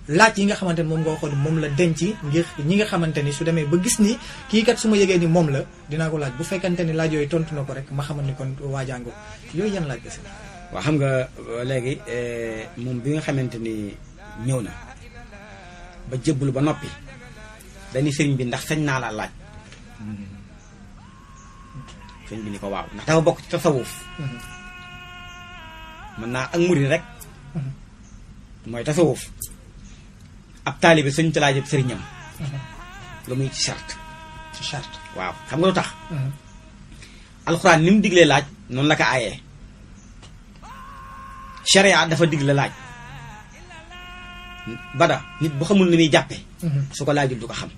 laaj yi nga xamante ni moom nga waxoon moom la denc ngir ñi nga xamante ni su demee ba gis ni kii kat su ma yëgee ni moom la dinaa ko laaj bu fekkante ni laaj yooyu tontu na ko rek ma xamal ni kon waajaango yooyu yan laaj gis waaw xam nga euh, léegi euh, moom bi nga xamante ni ñëw na ba jëbblu ba noppi dañu sëriñ bi ndax sañ naa la laaj sëñ bi ni ko waaw ndax dafa bokk ci tasawuf mhm. mën naa ak rek mhm. mooy tasawuf ab taalibe sëñ ta laajab sëriñam mhm. lu muy ci charte ci charte waaw xam nga lu tax mhm. alxuraan ni mu diglee laaj noonu la ko aayee sharia dafa digla laaj bada nit bu xamul ni muy jàppe mhm. su ko laajul du ko xam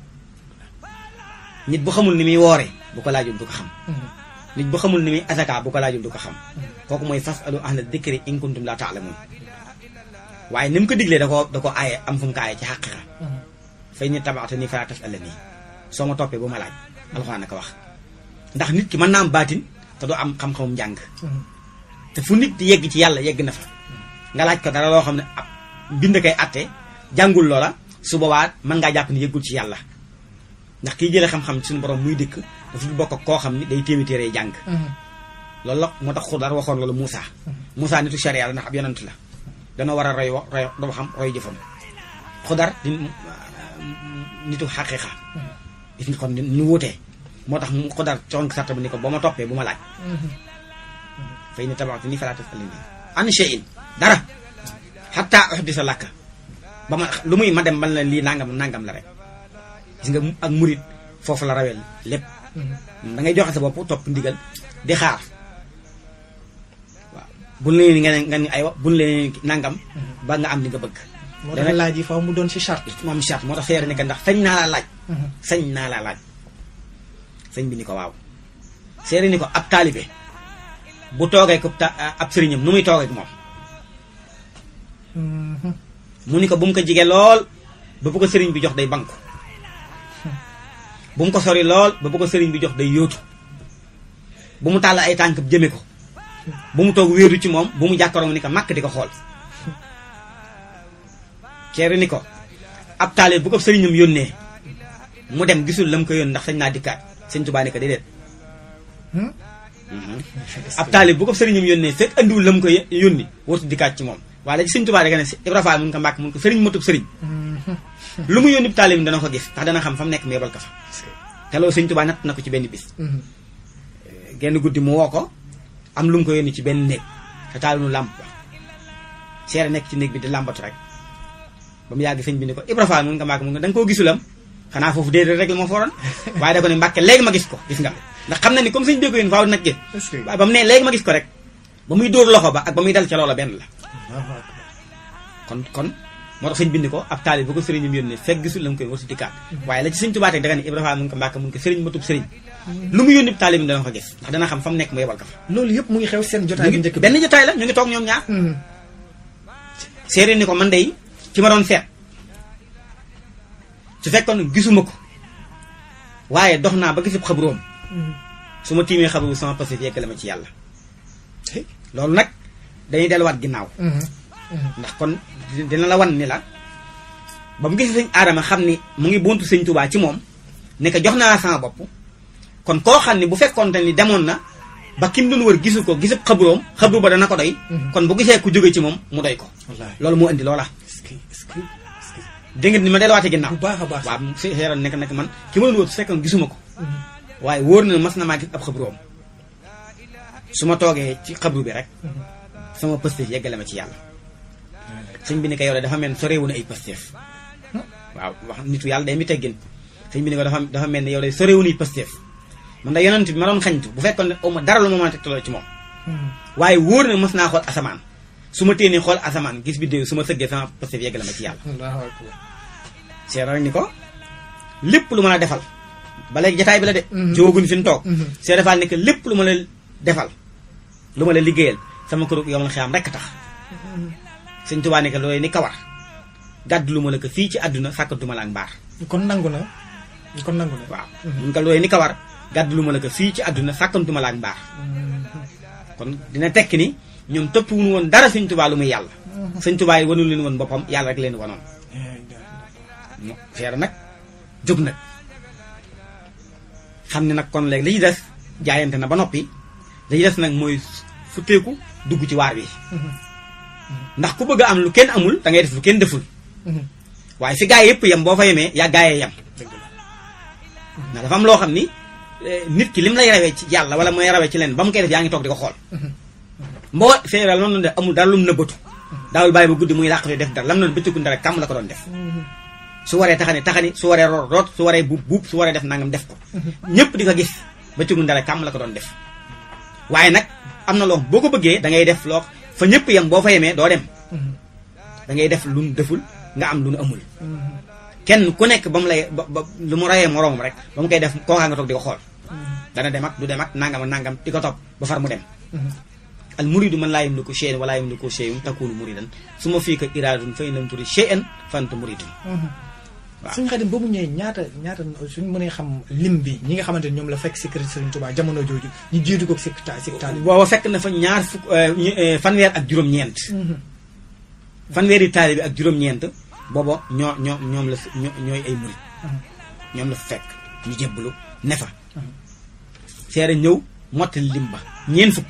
nit bu xamul ni muy woore bu ko laajul du ko xam nit bu xamul ni muy ataka bu ko laajul du ko xam kooku mooy fas alu ahla dikri in kuntum laa taalamuun waaye ni mu ko diglee da ko da ko aaye am fu mu ko aaye ci xàqiqa fay ni tabaxte ni fala taf àll nii soo ma bu ma laaj alxuraan naka wax ndax nit ki mën naa am baatin te du am xam-xamum njàng te fu nit di yegg ci yàlla yegg na fa nga laaj ko dara loo xam ne ab bind kay atte jàngul loola su boobaa mën ngaa jàpp ni yeggul ci yàlla ndax kiy jëlee xam-xam suñu borom muy dikk dafa bokk koo xam day téemi téere jàng loolu la moo tax waxoon loolu nitu charia la ndax ab yonant dana wara roy roy do xam roy jëfam xudar di ah, nitu haqiqa mm-hmm. gis nga kon ni wutee motax mu xudar coon sarta bi ni ko bama topé buma laaj mm-hmm. fa in tabaatu ni falaatu fali ni an shay'in dara Hatta uhdisa lak Bama lumuy ma dem man la lii nangam nangam la rek gis nga ak murit fofu la rawel lepp mm-hmm. da ngay joxe sa bop top ndigal di xaar bu ñu leen nga ne nga ne aywa nangam. ba nga am ni nga bëgg. moo tax laaj yi faaw mu doon si charte. moom charte moo tax seer ni que ndax sañ naa mhm. laaj. sañ naa laa laaj sëñ bi ni ko waaw. seer ni ko ab taalibe bu toogee ko ab sëriñam nu muy toogee moom. Mhm. mu ni ko bu mu ko jigee lool ba bu ko sëriñ bi jox day banku. bu mu ko sori lool ba bu ko sëriñ bi jox day yóotu bu mu tàll ay tànk jëme ko. bu mu toog wéeru ci moom bu mu jàkkaroom ni ko màkk di ko xool ceeri ni ko ab taalibe bu ko sëriñam yónnee mu dem gisul lam ko yónn ndax sañ naa dikkaat sëñ Tuubaa ni ko déedéet hmm? mhm. ab taalibe bu ko sëriñam yónnee fekk andiwul lam ko yónni wartu dikkaat ci moom waaye ci sëñ Tuubaa da nga ne Ibra Faal mun ko mbàkk mun sëriñ matub sëriñ hmm. lu mu yónni taalibe dana ko gis ndax dana xam fa mu nekk mu yebal ko fa te loolu sëñ Tuubaa natt na ko ci benn bis hmm. genn guddi mu woo am lu mu ko yónni ci benn néeg te taaluñu làmp ba seere nekk ci néeg bi di làmbatu rek ba mu yàgg sëñ bi ni ko Ibra Faal mun nga màgg mun nga da nga koo gisulam xanaa foofu déedéet rek la moo foroon waaye da ko ne Mbàkke léegi ma gis ko gis nga ndax xam na ni comme sëñ bi ko yónni faaw nag gis waaye ba mu gis ko rek ba muy dóor loxo ba ak ba muy dal ca loola benn la kon kon moo tax sëñ bind ko ab taalib bu ko sëriñam yónnee fekk gisul la mu koy war si dikkaat waaye la ci sëñ Tuubaa teg da nga ne ko Mbàkke mu ko sëriñ matub sëriñ lu mu yónni taalib bi dana ko gis ndax dana xam nekk mu yebal ko fa loolu yëpp mu ngi xew seen jotaay bu njëkk benn jotaay la ñu ngi toog ñoom ñaar hmm. séeréer ni ko man day ci ma doon seet su fekkoon gisuma ko waaye dox naa ba gisib xabroom hmm. su ma tiimee xabru sama passif yeggale ma ci yàlla loolu nag dañuy delluwaat ginnaaw hmm. ndax kon dina la wan ni la ba mu gisee sëñ aadama xam ni mu ngi buntu sëñ tubaa ci moom ne ko jox naa sama bopp kon koo xam ne bu fekkonte ni demoon na ba kim doon wër gisu ko gisub xabroom xabru ba dana ko doy mhm. kon bu gisee ku jóge ci moom mu doy ko loolu moo indi loola dégg nga ni ma delluwaatee ginnaaw bu baax a baax waaw seeran nekk nekk man ki ma doon wër ko mhm. waaye wóor na mas na maa gis ab xabroom su ma toogee ci xabru bi rek mhm. sama pëste yeggale ma ci yàlla sëñ bi ni ko yow de dafa mel sorewu na ay Pastef waaw wax nitu yàlla day mi teggin sëñ bi ni ko dafa dafa mel ne yow de sorewu na ay Pastef man da yonent bi ma doon xañtu bu fekkoon ne aw ma dara lu a tegtaloo moom hmm. waaye wóor na mës naa xool asamaan su ma téenee xool asamaan gis bi déw su ma sëggee sama Pastef yegg la ma ci yàlla seer rek ni ko lépp lu ma la defal ba léegi jataay bi la de hmm. jóoguñ fi mu toog hmm. seer defaal ni ko lépp lu ma la defal lu ma la liggéeyal sama kër yomal xiyaam rekk tax sëñ Tuubaa ne ko looy ni kawar gàddulu ma la ko fii ci àdduna sàkkatuma la ak mbaar. kon nangu na kon nangu na. waaw ko looy ni kawar gàddulu ma la ko fii ci àdduna sàkkatuma la ak mbaar. kon dina tekki ni ñoom topp wuñu woon dara sëñ Tuubaa lu muy yàlla. sëñ Tuubaa yi leen woon boppam yàlla rek leen wanoon. mu feer nag jóg nag xam ne nag kon léegi li ci des jaayante na ba noppi li ci des nag mooy futteeku dugg ci waar bi. ndax ku bëgg am lu kenn amul da ngay def lu kenn deful mhm. waaye fi gaay yépp yam boo fa yemee yaa gaay yam na dafa am loo xam ni eh, nit ki lim lay rawee ci yàlla wala mooy rawee ci leen ba mu koy def yaa ngi toog di ko xool mhm. mboo féeral noonu de amul dara mu nëbbatu mhm. daawul bàyyi ba guddi muy làqatu def dara lam noonu bëccëgu dara kàmm la ko doon def su waree taxani taxani su waree root root su waree buub buub su waree def nangam def ko ñëpp di ko gis bëccëgu dara kàmm la ko doon def waaye nag am na loo boo ko bëggee da ngay def loo fa ñëpp yam boo fa yemee doo dem mhm. da ngay def lu nu deful nga am lu nu amul mhm. kenn ku nekk ba mu la ba lu mu rayee moroomam rek ba mu koy def kookaa nga toog di ko xool mhm. dana dem du dem nangam nangam di ko topp ba far mu dem al muridu man laa yamliku shay'an wa laa yamliku shay'un takunu muridan su ma fii ka iraadun fa in lam turid shay'an fa anta muridun waaw suñu xarit ba mu ñëwee ñaata ñaata suñu mënee xam lim bi ñi nga xamante ni ñoom la fekk si kër Serigne Touba jamono jooju ñu jiitu ko si ta si taalibe booba fekk na fa ñaar fukk euh, euh, fanweer ak juróom-ñeent mm-hmm. fanweeri taalibe ak juróom-ñeent booba ñoo ñoo la ñooy ay murit mm-hmm. ñoom la fa fekk ñu jébbalu ne fa mm-hmm. ñëw mottali lim ba ñeent fukk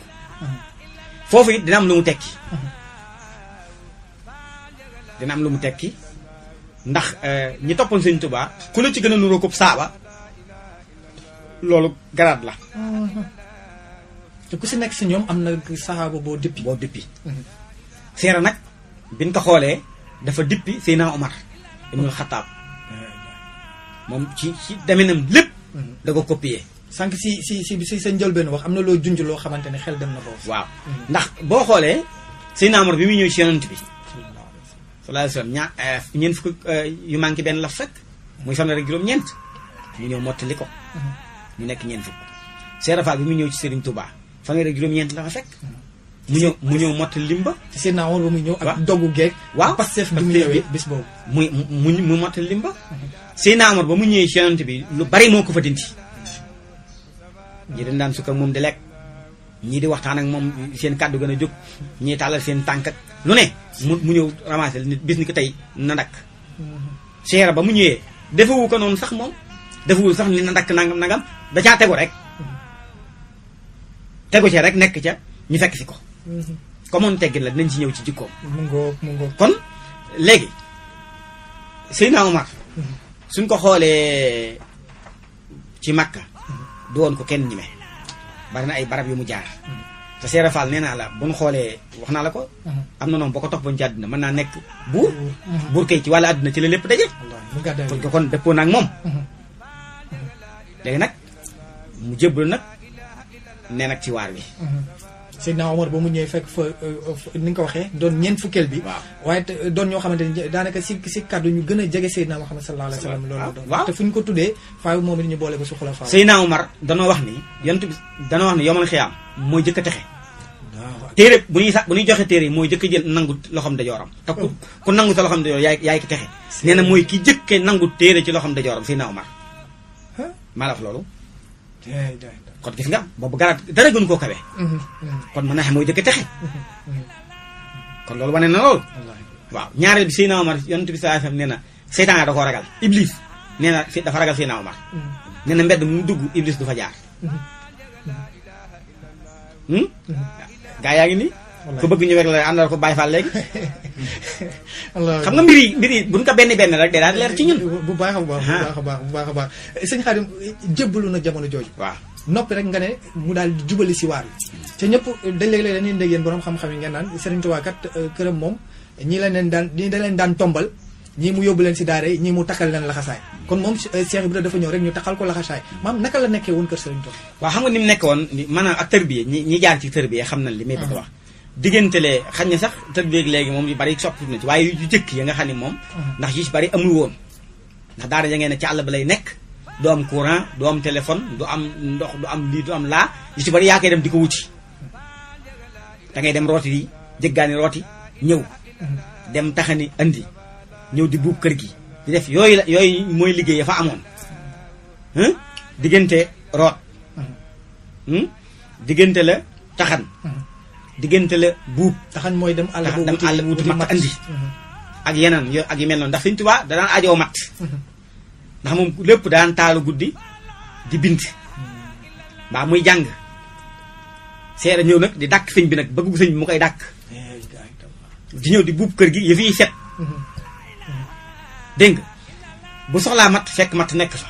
foofu it dina am lu mu tekki dina am lu mu tekki ndax eh, ñi toppoon sëñ tuba ku la ci gën a nuroo ko saaba loolu garaat la ku si nekk si ñoom am na sahaaba boo dippi boo dippi seera nag biñ ko xoolee dafa dippi seyna omar ibnul xataab moom ci ci demenam lépp da ko copier sank si si si si sa njëlbeen wax am na loo junj loo xamante ne xel dem na foofu waaw ndax boo xoolee seyna omar bi muy ñëw si yonant bi sallallahu alayhi wa sallam ña eh, ñeent fukk eh, yu manqué benn la fekk muy fanweer ak juróom-ñeent mu ñëw mottali ko mu nekk ñeent fukk Cheikh Rafaal bi mu ñëw ci Serigne Touba fanweer ak juróom-ñeent la fa fekk mu ñëw mu ñëw mottali limba te seen naa woon ba mu ñëw ak dogu geeg waaw bi ñëwee bis boobu muy mu mu mottali limba seen naa ba mu ñëwee ci yonent bi lu bari moo ko fa dindi ñi daan sukk ak moom di lekk ñii di waxtaan ak moom seen kàddu gën a jóg ñii tàllal seen tànk lu ne mu mu ñëw ramasser nit bis ni ko tey na ndakk seera ba mu ñëwee defewu ko noonu sax moom defewul sax ni na ndakk nangam nangam da tegu rek tegu ca rek nekk ca ñu fekk si ko commoon teggin la dinañ ci ñëw ci jikkoom kon léegi Seydina Omar mhm. suñ ko xoolee ci Makka du woon ko kenn ñime bari na ay barab yu mu jaar te Seera Fall nee naa la bu ñu xoolee wax naa la ko am na noonu ba ko topp bañu ci àdduna mën naa nekk buur buur kay ci wàllu àdduna ci la lépp daje pour kon dëppoo naag moom léegi nag mu jébbalu nag nee nag ci waar wi Seydina Omar ba mu ñëwee fekk fa euh, euh, ni nga ko waxee doon ñeent fukkeel bi. waaye euh, doon ñoo xamante ni daanaka si si kàddu ñu gën a jege Seydina Muhammad sallallahu alayhi wa sallam. loolu doon te ko tuddee faaw moom it ñu boole ko danoo wax ni yonent bi danoo wax ni yomal xiyaam mooy jëkk a texe. téere bu ñuy sax bu ñuy joxe téere yi mooy jëkk a jël nangu loxoom dajooram. te ku ku nangu sa loxoom dajooram yaay yaay ko texe. nee na mooy ki jëkk a nangu téere ci loxoom dajooram Seydina Omar maa la wax loolu Mhm, mhm. kon gis nga boobu garab dara gënu koo kawe kon mën naa mooy dëkk texe kon loolu wane na loolu waaw ñaareel bi Seydina Omar yonent bi sallallahu alayhi wasallam nee na seytaan da koo ragal iblis nee na dafa ragal Seydina Omar mhm. nee na mbedd mu dugg iblis du fa jaar hmm? gaa yaa ngi nii ku bëgg ñu wér la àndal ko Baye Fall léegi. xam nga mbir yi mbir yi buñ ko benn benn rek day daal leer ci ñun. bu baax a baax bu ah. baax a baax bu baax a baax sëñ Xaadim jébbalu na jamono jooju. waaw noppi rek nga ne mu daal di jubali si waar yi. te ñëpp dañ léeg-léeg dañuy dégg yéen borom xam-xam yi ngeen naan Serigne Touba kat euh, këram moom ñii la leen daan ñii da leen daan tombal ñii mu yóbbu leen si daara ñii mu takkal leen laxasaay kon moom euh, Cheikh Ibrahima dafa ñëw rek ñu takkal ko laxasaay maam naka la nekkee woon kër Serigne Touba. waaw xam nga ni mu nekk woon maanaam ak tërbiye ñi ñi jaar ci tërbiye xam nañ li may bëgg ah. wax diggante diggantelee xañ na sax tëddeeg léegi moom yi bari sopp na ci waaye yu jëkk ya nga xam ne moom mhm. ndax yu ci bari amul woon ndax daara ja ngeen ne ci àll ba lay nekk du am courant du am téléphone du am ndox du am lii du laa yu si bari yaa koy dem di ko wuti da ngay dem rooti di jëggaani yi ñëw mhm. dem taxani andi ñëw di buub kër gi di def yooyu la yooyu mooy liggéey ya fa amoon diggante root mhm. diggante la taxan diggante la buub taxan mooy dem àll boobu dem àll wuti mat andi ak yeneen yo ak yu mel noonu ndax sëñ tuba danaan ajoo mat ndax moom lépp daan taalu guddi di bind mbaa muy jàng seera ñëw nag di dàkk sëñ bi nag bëggu sëñ bi mu koy dàkk di ñëw di buub kër gi yëf yi set dégg bu soxlaa mat fekk mat nekk fa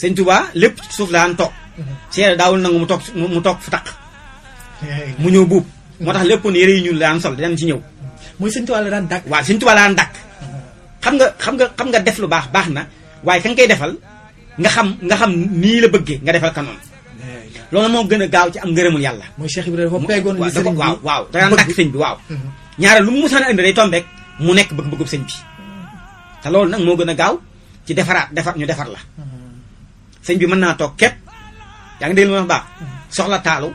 sëñ tuba lépp suuf la daan toog seera daawul nangu mu toog mu toog fu taq mu ñëw buub moo tax lépp yére yi ñu daan sol dinañ ci ñëw mooy sëñ tuwaa la daan dàkk waaw sëñ tuwaa la daan dàkk xam nga xam nga xam nga def lu baax baax na waaye ka nga koy defal nga xam nga xam nii la bëggee nga defal kanam loolu moo gën a gaaw ci am ngërëmul yàlla mooy Cheikh Ibrahima fa peegoon li sëriñ bi waaw waaw da daan dàkk sëñ bi waaw mhm. ñaare lu mu musaan indi day tombeek mu nekk bëgg bëggu sëñ bi te loolu nag moo gën a gaaw ci defaraat defar ñu defar la mhm. sëñ bi mën naa toog képp yaa ngi dégg lu ma wax baax mhm. soxla taalu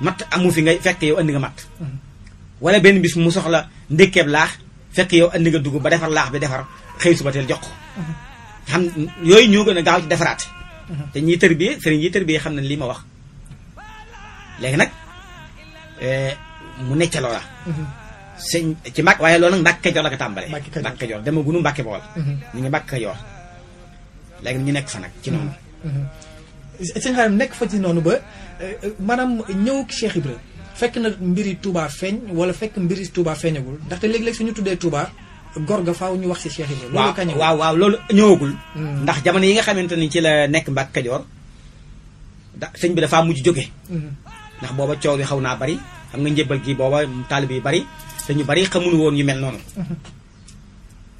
matt amu fi ngay fekk yow andi nga matt wala benn bis mu soxla ndékkeeb laax fekk yow andi nga dugub ba defar laax bi defar xëy suba teel jox ko xam yooyu ñoo gën a gaaw ci defaraate te ñiy tërbiyee sëriñ yi tërbiyee xam ne lii ma wax léegi nag e, mu necca loola ci mbàkk waaye loolu nag mbàkk kajoor la ko tàmbalee mbàkk kajoor dama gunu mbàkke bool mhm. ñu ngi mbàkk léegi ñu nekk fa nag ci noonu mhm. Mhm. sëñ nekk fa ci noonu ba euh, euh, maanaam ñëw Cheikh Ibra fekk na mbiri Touba feeñ wala fekk mbiri Touba feeñagul ndaxte léeg-léeg ñu tuddee Touba gor ga faaw ñu wax si Cheikh Ibra loolu kañ waaw waaw loolu ñëwagul hmm. ndax jamono yi nga xamante ni ci la nekk Mbàkke Kajoor da sëñ bi dafaa mujj jóge hmm. ndax booba coow bi xaw naa bari xam nga njëbal gi booba taalib yi bari te bari xamuñu woon yu mel noonu hmm.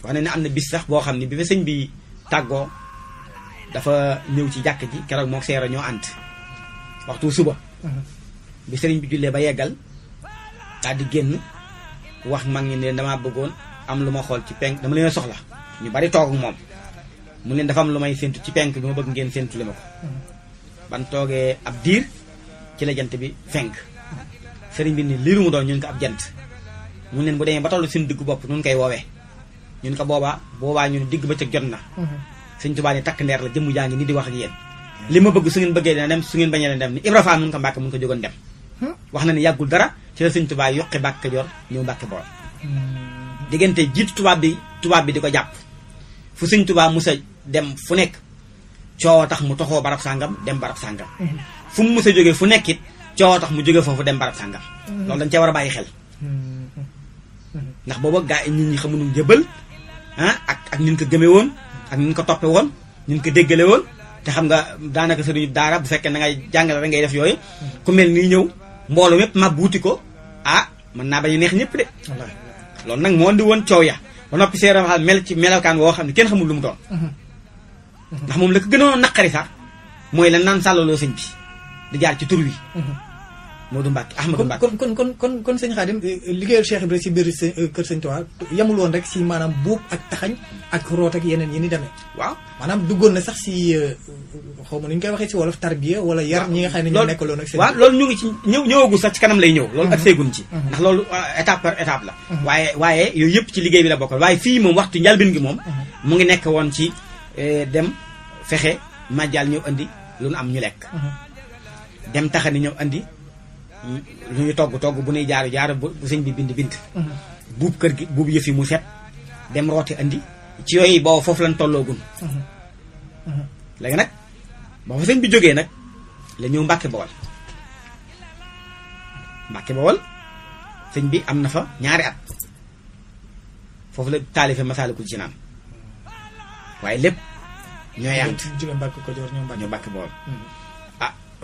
wax ne ne am na bis sax boo xam ne bi fa sëñ bi tàggoo dafa ñëw ci jàkk ji keroog moog seera ñoo ant waxtu suba bi sëriñ bi jullee ba yeggal daal di génn wax mag ñi ne dama bëggoon am lu ma xool ci penk dama leen soxla ñu bari toog ak moom mu leen dafa am lu may séntu ci penk bi ma bëgg ngeen sentu li ma ko ban toogee ab diir ci la jant bi fenk sëriñ bi ni liru mu doon ñun ko ab jant mu leen bu demee ba tollu suñu dugg bopp nun koy woowee ñun ko boobaa boobaa ñun digg bëccëg jot na seigne touba ni tak ndeer la jëm jaangi ni di wax ak yeen lima bëgg su ngeen bëggee dem su ngeen bañee dem ni Ibra Faal mun ko mbakk mu ko jogon dem wax na ni yagul dara ci la sëñ tubaa yoqi bakka jor ñu mbakk bo diggante jitt touba bi touba bi diko japp fu seigne touba musa dem fu nek coow tax mu toxoo barap sangam dem barap sangam fu mu musa joge fu nekit coow tax mu joge fofu dem barap sangam loolu dañ ci wara bayyi xel ndax booba gaay nit ñi ñu jëbël ah ak ak ñu ko gëmé won ak ñu ko toppe woon ñu ko déggale woon te xam nga daanaka sëriñu bu fekkee na ngay jàngale da ngay def ku mel ni ñëw mbooloo mépp mag wuti ko ah mën naa bañ a neex ñëpp de loolu nag moo indi woon coow ya ba noppi Cheikh Ibra Fall ci melokaan woo xam ne kenn xamul lu mu doon mhm. ndax moom la ko gënoon naqari sax mooy la naan sàllaloo sëñ bi di jaar ci tur Modou Mbacke Ahmadou Mbacke kon kon kon kon kon sëñ Xaadim liggéeyal Cheikh Ibrahima si biir euh, kër sëñ rek si maanaam buub ak taxañ ak root ak yeneen yi ni waaw na sax si euh, xaw ma koy waxee si wolof tarbiya wala yar ñi nga xam ne ñoo nekk loolu waaw loolu ñu ngi ci ñëw ñëwagul sax ci kanam lay ñëw loolu ak mhm. seegun ci mhm. ndax loolu euh, étape par étape la mhm. ci bi la bokkal waxtu njalbin gi mu ngi nekk ci dem fexe majjal ñëw andi lu am ñu dem taxani ñëw andi ñu ñu togg togg bu nuy jaaru jaar bu sëñ bi bind bind mhm. buub kër gi buub yëf yi mu set dem rooti indi ci yooyu boobu foofu lañ tolloogun mhm. léegi nag ba fa sëñ bi jógee nag la ñëw Mbàkke bool Mbàkke Bawol sëñ bi am na fa ñaari at foofu la taalife Masaalikul Jinaan waaye lépp ñooy ànd ñu Mbàkke Kajoor ñu Mbàkke Bawol mhm.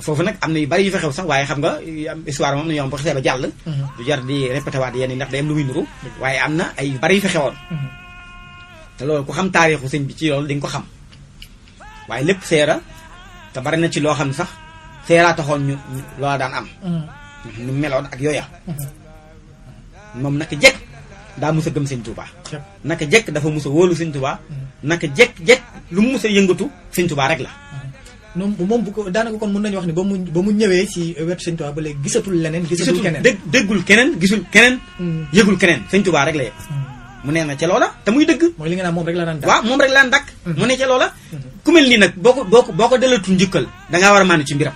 foofu nag am na yu bari yu fa xew sax waaye xam nga am histoire moom na ñoom bu xasee ba jàll mhm. du jar di répété waat yenn yi ndax day am lu muy waaye am na ay yu bari yu fa xewoon mhm. te loolu ku xam taarixu sëñ bi ci loolu di nga ko xam waaye lépp seera te bari na ci loo xam sax seera taxoon ñu loola daan am ñu mhm. meloon ak yooya moom naka jekk daa mus a gëm sëñ Tuubaa naka jekk dafa mus a wóolu sëñ Tuubaa naka jekk jekk lu mu mus a yëngatu sëñ Tuubaa rek la ñoom moom bu ko daanaka kon mun nañu wax ni ba mu ba mu ñëwee ci wet sëñ Touba ba léegi gisatul leneen gisatul keneen dég déggul keneen gisul keneen hmm. yëgul keneen sëñ Touba rek la yëg hmm. mu nee na ca loola te muy dëgg mooy li nga naan moom rek la daan dàkk waaw moom rek la daan dàkk hmm. mu ne ca loola ku mel nii nag boo ko boo ko boo ko dalatul njukkal da ngaa war a ci mbiram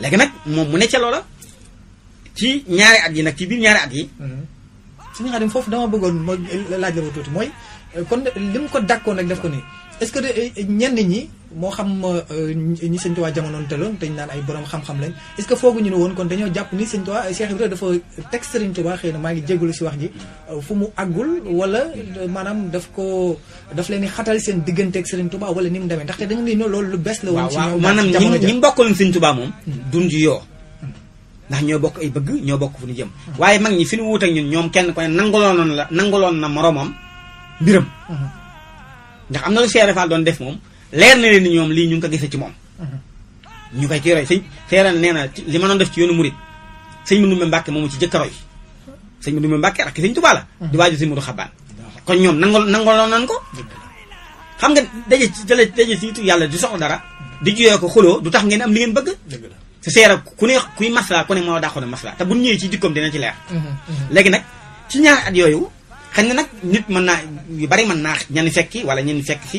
léegi nag moom mu ne ca loola ci ñaari at yi nag ci biir ñaari at yi suñu xadim foofu dama bëggoon ma laaj la ba tuuti mooy kon lim ko dàkkoon rek def ko ni est-ce que de eh, eh, ñenn ñi moo xam euh, euh, ñi Sëñ Tuubaa jamonoon teloon dañ naan ay borom xam-xam lañ est-ce que fooguñu ne woon kon dañoo jàpp ni Sëñ Tuubaa Cheikh Ibrahima dafa teg Sëriñ Tuubaa xëy na maa ngi jégalu si wax ji euh, fu mu àggul wala maanaam daf ko daf leen di xatal seen digganteeg Sëriñ Tuubaa wala ni mu demee ndaxte dañu ne loolu lu bees la woon ci ñoom maanaam ñi mu bokkaloon Sëñ Tuubaa moom hmm. dun ji yoo ndax ñoo bokk ay bëgg ñoo bokk fu ñu jëm waaye mag ñi fi ñu wuut ak ñoom kenn ko ne nangaloon la nangaloon na moromam mbiram hmm. ndax am na lu Cheikh Fall doon def moom leer na leen ñoom lii ñu ngi ko gisee ci moom mhm. ñu koy ci roy sëñ seeran nee na li ma doon def ci yoonu murit sëñ Mandumbe Mbàkke moomu ci jëkk a roy sëñ Mandumbe Mbàkke rakk sëñ Tuubaa la di waaju sëñ Mudu Xabaan kon ñoom nangol nangoloon nan ko xam nga daje ci jële daje itu yàlla di soxla dara di juyee ko xuloo du tax ngeen am li ngeen bëgg te seera ku ne kuy masla ku ne moo dàqoon masla te bu ñëwee ci jikkoom dina ci leer mhm. Mhm. léegi nag ci ñaar at yooyu xëy na nag nit mën naa yu bari mën naa ñan fekki wala ñan fekk fi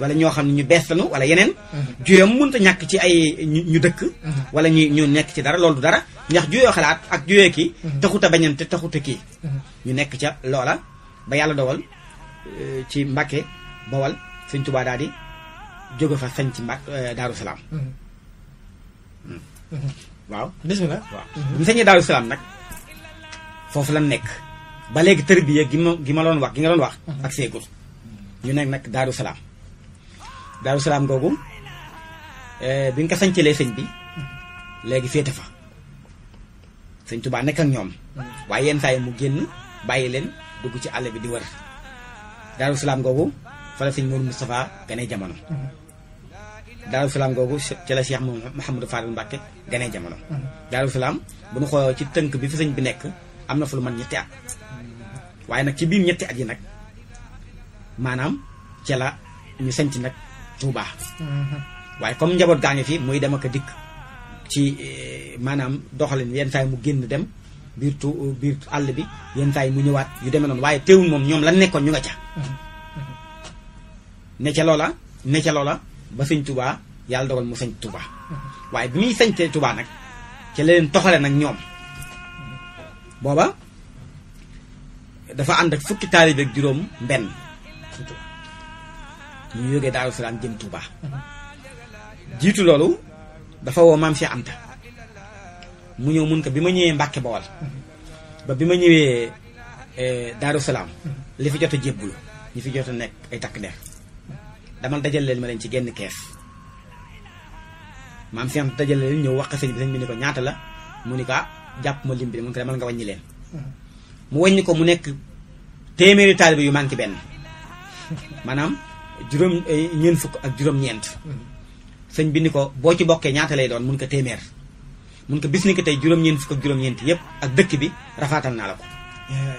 wala ñoo xam ne ñu bees lañu wala yeneen mhm. juyam mënta ñàkk ci ay ñu dëkk mhm. wala ñu ñu nekk ci dara loolu du dara ndax juyoo xalaat ak juyoo ki mhm. taxut a bañante taxut a kii ñu nekk ca loola ba yàlla dogal euh, ci Mbàkke Bawal Sëñ Tuubaa daal di jóge fa sañ ci Mbàkk euh, Daaru Salaam hmm. waaw bismillah waaw bu sañee Daaru Salaam la nekk ba léegi tërbiya gi ma gi ma doon wax gi nga doon wax ak seegul ñu nekk nag daaru salaam daaru salaam googu eh, bi ñu ko sañcalee sëñ bi léegi féete fa sëñ tubaa nekk ñoom waaye yenn saa mu génn bàyyi leen dugg ci àll bi di wër daaru salaam googu fa la sëñ Mourou Moustapha gane jamono daaru salaam googu ci la Cheikh Mouhamadou Fadil Mbacke gane jamono mm-hmm. daaru salaam bu ñu xooloo ci tënk bi fi sëñ bi nekk am na fu lu man ñetti at waaye nag ci biir ñetti at yi nag maanaam ci la ñu sanc nag Touba. Mm-hmm. waaye comme njaboot gaa ngi fii muy dem ak dikk ci eh, maanaam doxalin yenn saa yi mu génn dem biir tu biir àll bi yenn saa yi mu ñëwaat yu deme noonu waaye teewul moom ñoom la nekkoon ñu nga ca. Mm-hmm. ne ca loola ne ca loola ba sëñ Touba yàlla dogal mu sanc Touba. Mm-hmm. waaye bi muy sañtee Touba nag ci la leen toxale nag ñoom booba. dafa ànd ak fukki taalibe ak juróom mbenn ñu yógee Daaru Salaam jëm Touba jiitu loolu dafa woo maam Cheikh Anta mu ñëw mun ko bi ma ñëwee Mbàkke Bawol ba bi ma ñëwee eh, Daaru Salaam li fi jot a jébbulu ñi fi jot a nekk ay takk der dama dajal leen ma leen ci genn kees maam Cheikh Anta dajal leen ñëw wax sëñ bi sëñ bi ni ko ñaata la mu ni ko ah, jàpp ma lim bi mun ko demal nga wàññi leen mu wàññi ko mu nekk téeméeri taalibe yu manqué benn maanaam juróom eh, ñeent fukk ak juróom-ñeent sëñ bi ni ko boo ci bokkee ñaata lay doon mun ko téeméer mun ko bis ni ko tey juróom-ñeent fukk ak juróom-ñeent yëpp ak dëkk bi rafaatal naa la ko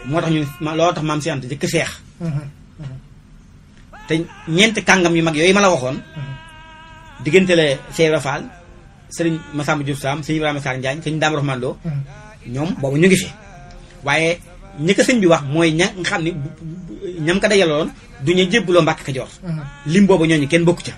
moo tax ñu ne loo tax maam seant jëkk seex te ñeent kàngam yu mag yooyu ma la waxoon diggante la Cheikh Ibra Fall sëriñ Massamba Diouf Sam sëñ Ibrahima Sarr Njaañ sëñ Daam Rahman Lo ñoom boobu ñu ngi fi waaye ñi ko sëñ bi wax mooy ña nga xam ne ñam ko dajaloon du ñu jébbaloo Mbàkke Kajoor mm-hmm. lim boobu ñooñu kenn bokku ca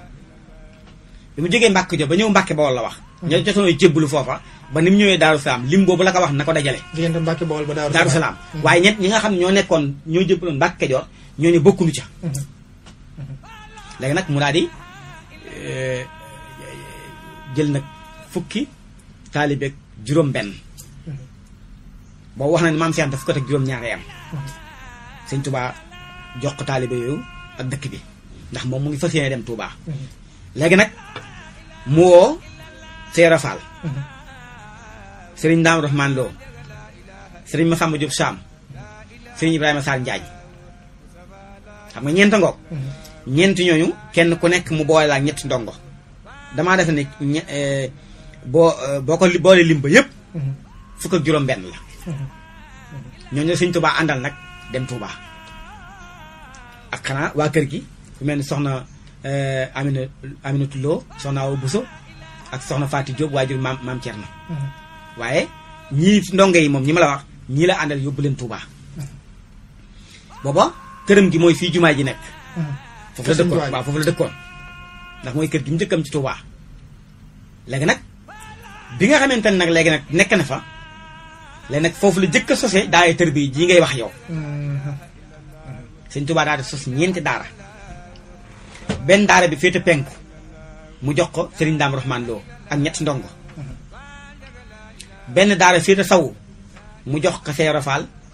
bi mu jógee Mbàkke Kajoor ba ñëw Mbàkke Bawol wax mm-hmm. ña jotoon jébbalu foofa ba ni mu ñëwee Daaru Salaam lim boobu la ko wax na ko dajale diggante Mbàkke Bawol ba Daaru Salaam waaye ñett ñi nga xam ne ñoo nekkoon ñoo jébbaloon Mbàkke Kajoor ñooñu bokkunu ca mm-hmm. léegi nag mu daal di euh, jël nag fukki taalibeeg juróom benn boobu wax na ne maam Cheikh daf ko teg juróom-ñaari am sëñ jox ko ak dëkk bi ndax moom mu ngi fas yéene dem Touba. léegi nag mu woo Seera Fall. Serigne Ndaam Rahman Lo Serigne Massamba Diop Sam Serigne Ibrahima Sall Ndiaye xam nga ñeent ngoog. ñeent ñooñu kenn ku nekk mu boole laa ñetti ndongo damaa defe ne eh, boo eh, boo ko boole lim ba yëpp. fukk ak juróom-benn la. ñooñu la sëñ Touba àndal nag dem Touba ak xanaa waa kër gi ku mel ni soxna eh, Amina Aminatu Lo soxna Awa Bousso ak soxna Fatou Diop waajur maam maam Thierno waaye ñii ndongo yi moom ñi mala la wax ñii la àndal yóbbu leen Touba booba këram gi mooy fii jumaay ji nekk foofu la dëkkoon foofu la dëkkoon ndax mooy kër gi mu njëkkam ci Touba léegi nag bi nga xamante ne nag léegi nag nekk na fa léegi nag foofu la jëkk a sosee daara tarbiya jii ngay wax yow mhm. sëñ Tuubaa daal sos ñeenti daara benn daara bi féete penku mu jox ko sëriñ Daam Rahmaan ak ñetti ndongo mhm. benn daara féete sawu jox ko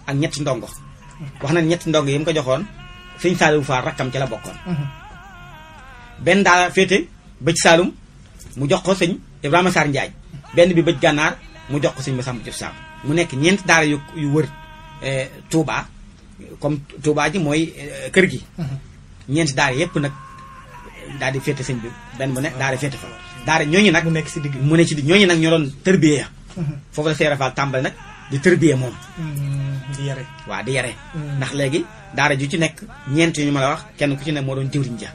ak ñetti ndongo mhm. wax na ñetti ndongo yi ko joxoon sëñ Saliou ci la bokkoon benn mu jox ko sëñ Ibrahima Sarr benn bi bëj gànnaar mu jox ko sëñ Masamba Diouf Samb mu nekk ñeent daara yu yu wër eh, Touba comme Touba ji mooy eh, kër gi. Mhm. ñeent daara yépp nag daal di féete sëñ bi benn bu ne daara féete fa. daara ñooñu nag mu nekk si digg mu ne ci digg ñooñu nag ñoo doon tërbiyee. Mhm. foofu la Cheikh Rafal tàmbale nag di tërbiyee moom. Mhm. waa di yare. ndax léegi daara ju ci nekk ñeent yu ñu mën a wax kenn ku ci ne moo doon jëwriñ ja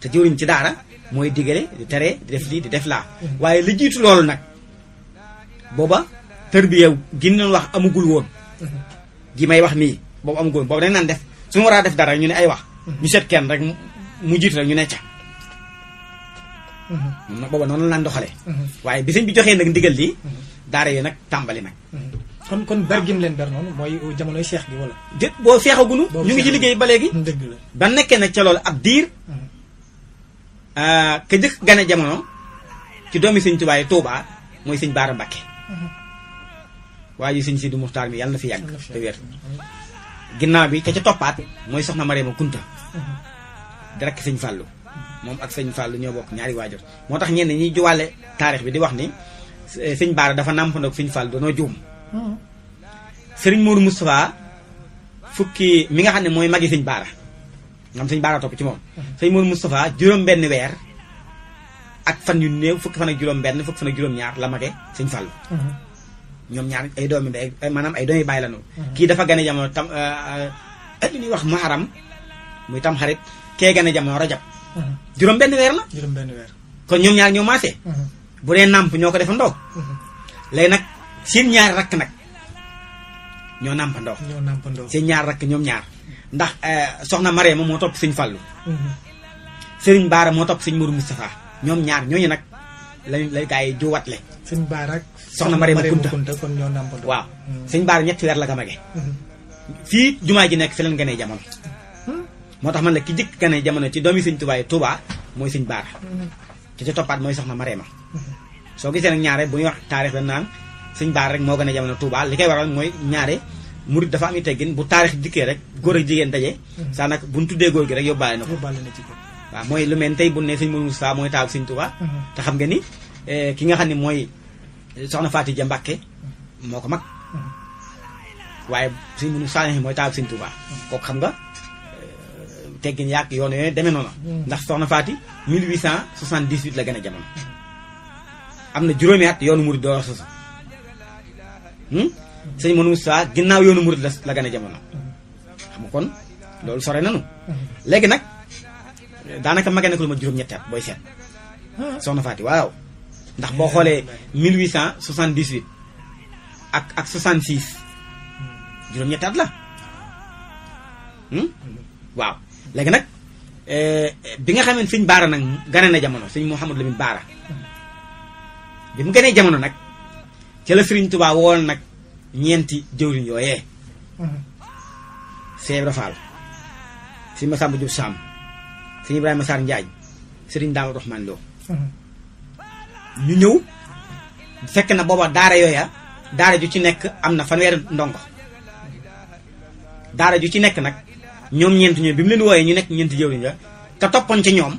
te jëwriñ ci daara mooy digale di tere di def lii di def laa. waaye li jiitu loolu nag booba. tërbiya gi ñu wax amugul woon gi may wax nii boobu amugul woon boobu dañ naan def su war a def dara ñu ne ay wax ñu seet kenn rek mu jiit rek ñu ne ca mhm. booba noonu laan doxale mhm. waaye bi sëñ bi joxee nag ndigal lii mhm. daara yi nag tàmbali nag kon kon ber gi leen ber noonu mooy jamonoy seex bi wala jë boo seexagunu ñu ngi ci liggéey ba léegi mm, dëgg la ba nekkee nag ca loolu ab diir ah, ka jëkk gane jamono ci doomi sëñ Tuubaa yi Tuubaa mooy sëñ Baara Mbàkke waa ji sëñ Sidi Muxtaar mi yàlla na fi yàgg te wér ginnaaw bi te ca toppaat mooy soxna Mariama Kunta mhm. di rakk sëñ Fàllu moom ak sëñ Fàllu ñoo bokk ñaari waajur moo tax ñeen ñenn ñuy juwaale taarix bi di wax ni eh, sëñ Baara dafa nàmpandoog sëñ Fàllu danoo juum mhm. sëriñ Moodu Moustapha fukki mi nga xam ne mooy magi sëñ Baara ngam sëñ Baara topp ci moom mhm. sëñ Moodu Moustapha juróom benn weer ak fan yu new fukki fan ak juróom benn fukki fan ak juróom ñaar la mage sëñ ñoom ñaar ay doomi day maanaam ay doomi bàyyi lañu mhm. kii dafa gane jamono tam euh, euh, ñuy wax muharam muy tam xarit kee gane jamono rajab mhm. juróom weer la benn weer kon ñoom ñaar ñoo maase mhm. bu dee nàmp ñoo ko defandoo léegi nag seen ñaar rakk nag ñoo nàmpandoo ñoo nàmpandoo seen ñaar rakk ñoom ñaar ndax euh, soxna Maree moom moo topp sëñ Fàllu sëriñ Baara moo topp sëñ Mourou Moustapha ñoom ñaar ñooñu nag lañ la gaa yi juwatle sëñ Baara ak soxna Mariama Kunta kon ñoo nàmpandoo waaw sëñ Baara ñetti weer la ko magee mhm. fii jumaa ji nekk fi leen gënee jamono moo tax man la ki jëkk gënee jamono ci doomi sëñ Tuubaa yi Tuubaa mooy sañ Baara mhm. ki ci toppaat mooy soxna Mariama mhm. soo gisee nag ñaare bu ñuy wax taarix dañ naan sëñ Baara rek moo gën a jamono Tuubaa li koy waral mooy ñaare murid dafa am teggin bu taarix dikkee rek góor ak jigéen daje saa nag bu ñu tuddee góor gi rek yóbbaale na ko waaw mooy lu mel tey bu ne sëñ Mourou Moustapha mooy taaw sëñ Tuubaa te xam nga ni eh, ki nga xam ne mooy soxna Faati Ja moo ko mag waaye suñ mënu saani mooy taal suñ Tuubaa kooku xam nga euh, teggin yàq yoon yooyu demee noonu ndax soxna Faati 1878 la gën a jamono na juróomi at yoonu murid door sosu hmm? sëñ Manoune Moussa ginnaaw yoonu murid la gën a jamono xam kon loolu sore nanu léegi nag daanaka magee nekk lu ma juróom-ñetti at booy set soxna Faati waaw ndax boo xoolee 1878 ak ak 66 juróom-ñetti at la hmm? waaw léegi nag eh, bi nga xamee sëñ baara nag gane na jamono sëñ Mouhamadou Lamine baara bi mu ganee jamono nag ci la Sëriñ Tuubaa wool nag ñeenti jëwriñ yooyee Cheikh Rafal Fall Massamba Diop Sam sëñ Ibrahima Sarr Ndiaye sëriñ Daaru Rahman Lo ñu ñëw fekk na booba daara yooya daara ju ci nekk am na fanweer ndongo daara ju ci nekk nag ñoom ñeent ñu bi mu leen wooyee ñu nekk ñeent jëwriñ ja ka toppoon ci ñoom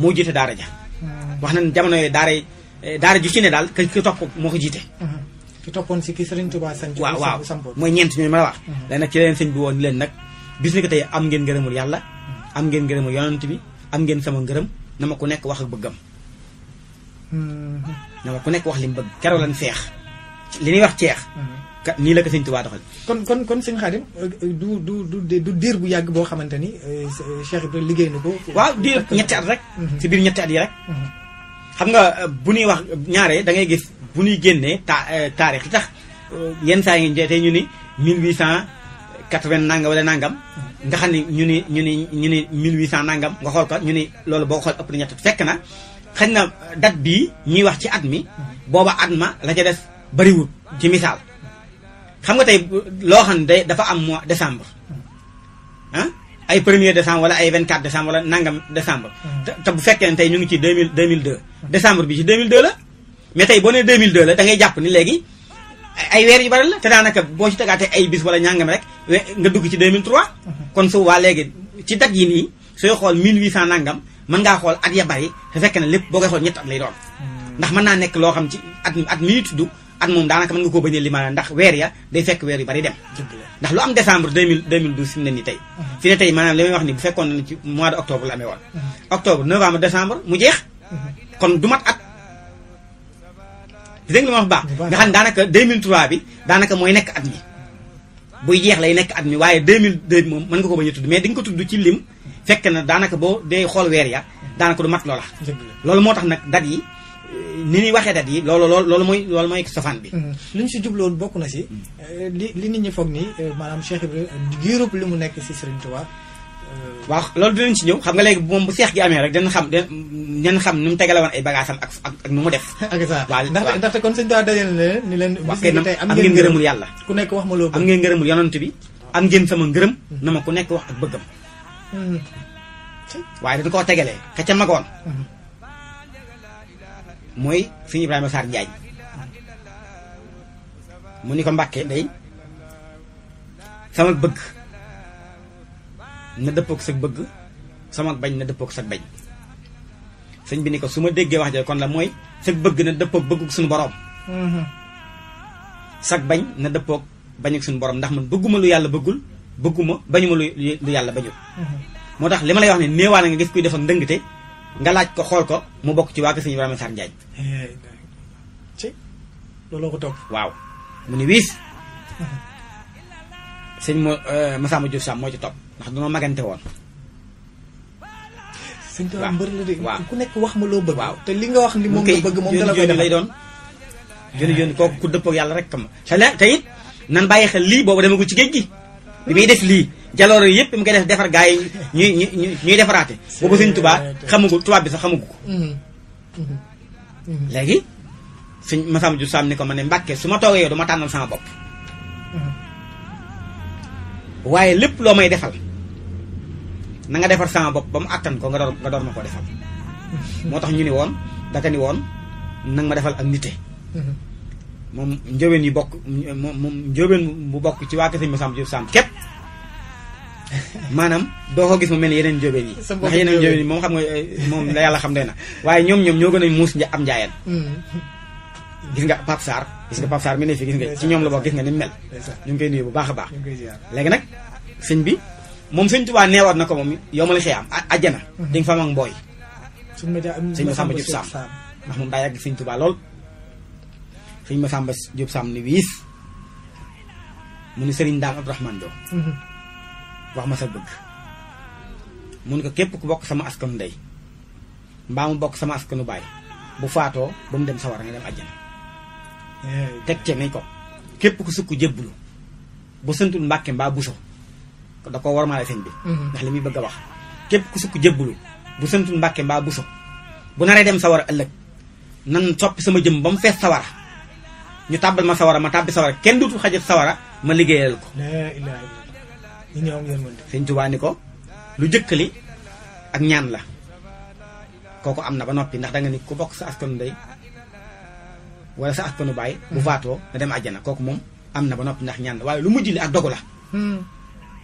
moo jiite daara ja hmm. wax nañ jamono yooyu daara eh, daara ju ci ne daal ki topp moo ko jiite hmm. ki toppoon si ki Serigne Touba sañ waaw waaw mooy ñeent ñu ma la wax hmm. léegi nag ci leen sëñ bi woon leen nag bis ni ko tey am ngeen yàlla am ngeen yonent bi am ngeen sama ngërëm na ma ku wax ak bëggam ñoo hmm. ku nekk wax li mu bëgg keroog lan feex li ñuy wax ceex hmm. nii la ko sëñ Tuubaa doxal kon kon kon sëñ Xaadim euh, du du du du diir bu yàgg boo xamante ni euh, euh, Cheikh Ibrahima liggéey na ko waaw diir ñetti at rek hmm. si biir ñetti at yi rek xam nga bu ñuy wax ñaare da ngay gis bu ñuy génnee ta taarix li tax yenn saa ngi tey ñu ni 1880 nangam wala nangam nga xam ne ñu ni ñu ni ñu ni 1800 nangam nga xool ko ñu ni loolu boo xool ëpp na fekk na xëy dat date bii ñuy wax ci at mi booba at ma la ca des bariwul ci misaal xam nga tey loo xam day dafa am mois décembre ah ay premier décembre wala ay 24 décembre wala nangam décembre te bu fekkee tay tey ñu ngi ci 2000 2002 décembre bi ci 2002 la mais tey boo nee 2002 la da ngay jàpp ni léegi ay weer yu bari la te daanaka boo ci tegaatee ay bis wala ñàngam rek nga dugg ci 2003 mhm. kon su waa léegi ci dat yi nii sooy xol 1800 nangam man nga xol at ya bari te fekk na lepp boo koy xool ñett at lay doon hmm. ndax man na nek lo xam ci at at mi tudd at moom daanaka man nga ko bañe limana ndax weer ya day fekk weer yu bari dem ndax lu am décembre 2000 2012 hmm. fi ne ni tay fi ne tay manam li wax ni bu fekkon na ci mois de octobre la amee woon hmm. octobre novembre décembre mu jeex kon du mat at dëng lu ma wax ba nga xam ne daanaka 2003 bi daanaka moy nek at mi buy jeex lay nek at mi waaye 2002 mom man nga ko bañe tuddu mais di nga ko tuddu ci lim fekk na danaka bo dee xol wer ya danaka du mat loola loolu moo tax nag dat yi ni ni waxe dat yi loolu loolu loolu mooy loolu mooy sofaan bi mm-hmm. luñ ci si won bokku na ci euh, li nit ñi foog ni euh, manam Cheikh Ibrahima Europe li mu nekk ci Serigne Touba euh, waaw loolu dinañ ci ñew xam nga legi moom bu seex gi amé rek dañ xam ñen xam ni mu tegale woon ay bagaasam ak ak nu mu def ak ça ndax ndax te kon sëñ daa dajal ne ni leen bis ni tey am ngeen ngërëmul yalla ku nekk wax ma lo am ngeen ngërëmul yonent bi am ngeen sama ngërëm mm-hmm. nama ku nekk wax ak bëggam waaye da du ko tegale ka ca magoon mooy suñu Ibrahima sar Jaañ mu ni ko Mbàkke day sama bëgg na dëppook sa bëgg sama bañ na dëppook sa bañ sëñ bi ni ko su ma déggee wax ja kon la mooy sa bëgg na dëppook bëgguk suñu borom sag bañ na dëppook bañuk suñu borom ndax man bëgguma lu yàlla bëggul bëgguma bañuma lu lu yàlla bañu mhm. moo tax li ma lay wax ne néewaana nga gis kuy defoon ndëngte nga laaj ko xool ko mu bokk ci waa sëñ Ibrahima Sarr Ndiaye ci looloo ko topp waaw mu ni wiis mhm. sëñ mo euh, Massamba Diouf Sam moo ci topp ndax danoo magante woon sëñ Tuubaa mbër la de ku nekk wax ma loo bëgg waaw te li nga wax ni moom nga bëgg moom dala koy lay doon joni joni kooku ku dëppoo ak yàlla rek kam te it nan bàyyi xel lii boobu demagul ci géej gi bi def li jaloro yep mu ngay def defar gay yi ñuy ñuy defarate defaraate bu sëñ tubaa xamagul tubaab bi sax xamagu legi mhm. mhm. mhm. léegi ma sam ju Sam ni ko mané mbacké suma togué yow duma tanal sama bop waye lepp lo may defal na nga defar sama bop bam mu ko nga door nga door ma ko defal motax ñu ni woon daka ni ma defal ak nité moom njëwén yi bokk moom moom njëwén bu bokk ci waa Kër Sëñ Masamba Jóob Samb képp maanaam doo ko gis mu mel yeneen njëwén yi. ndax yeneen njëwén yi moom xam nga eh, moom la xam doy na waaye ñoom ñoom ñoo gën a muus am njaayeen. Mm. gis nga Pape Sarr gis nga Pape Sarr mi ne fi gis ñoom la bokk gis nga ni mel. ñu ngi koy nuyu bu baax a baax. nag sëñ bi moom sëñ Tuubaa neewaat na ko moom yomal xiyaam àjjana. Mm-hmm. di nga fa am ak mbooy. sëñ Masamba Jóob Samb ndax moom daa yàgg sëñ Tuubaa lool sëñ ma sambas Jóob sàmm ni wiis mu ni sëriñ daam Abdourahmane mhm. wax ma sa bëgg mune ko képp ku bok sama askan ndey mbaa mu sama askanu bay bu faato bu dem sawar nga dem aljana eh. tek ci ne ko képp ku sukku jébblu bu sëntul mbacke mba buso da ko war maale mhm. nah, sëñ bi ndax limi bëgg wax képp ku sukku jébblu bu sëntul mbacke mba buso bu nare dem sawar ëlëk nan top sama jëm bam fess ñu tabal ma sawara ma tabbi sawara kenn dutu xajj sawara ma liggéeyal ko sëñ tubaa ni ko lu jëkkali ak ñaan la koko am na ba noppi ndax da nga ni ku bokk sa askanu day wala sa askanu bay bu hmm. faato nga dem aljana koko mom am na ba noppi ndax ñaan la waaye lu mujj ak dogu la hmm.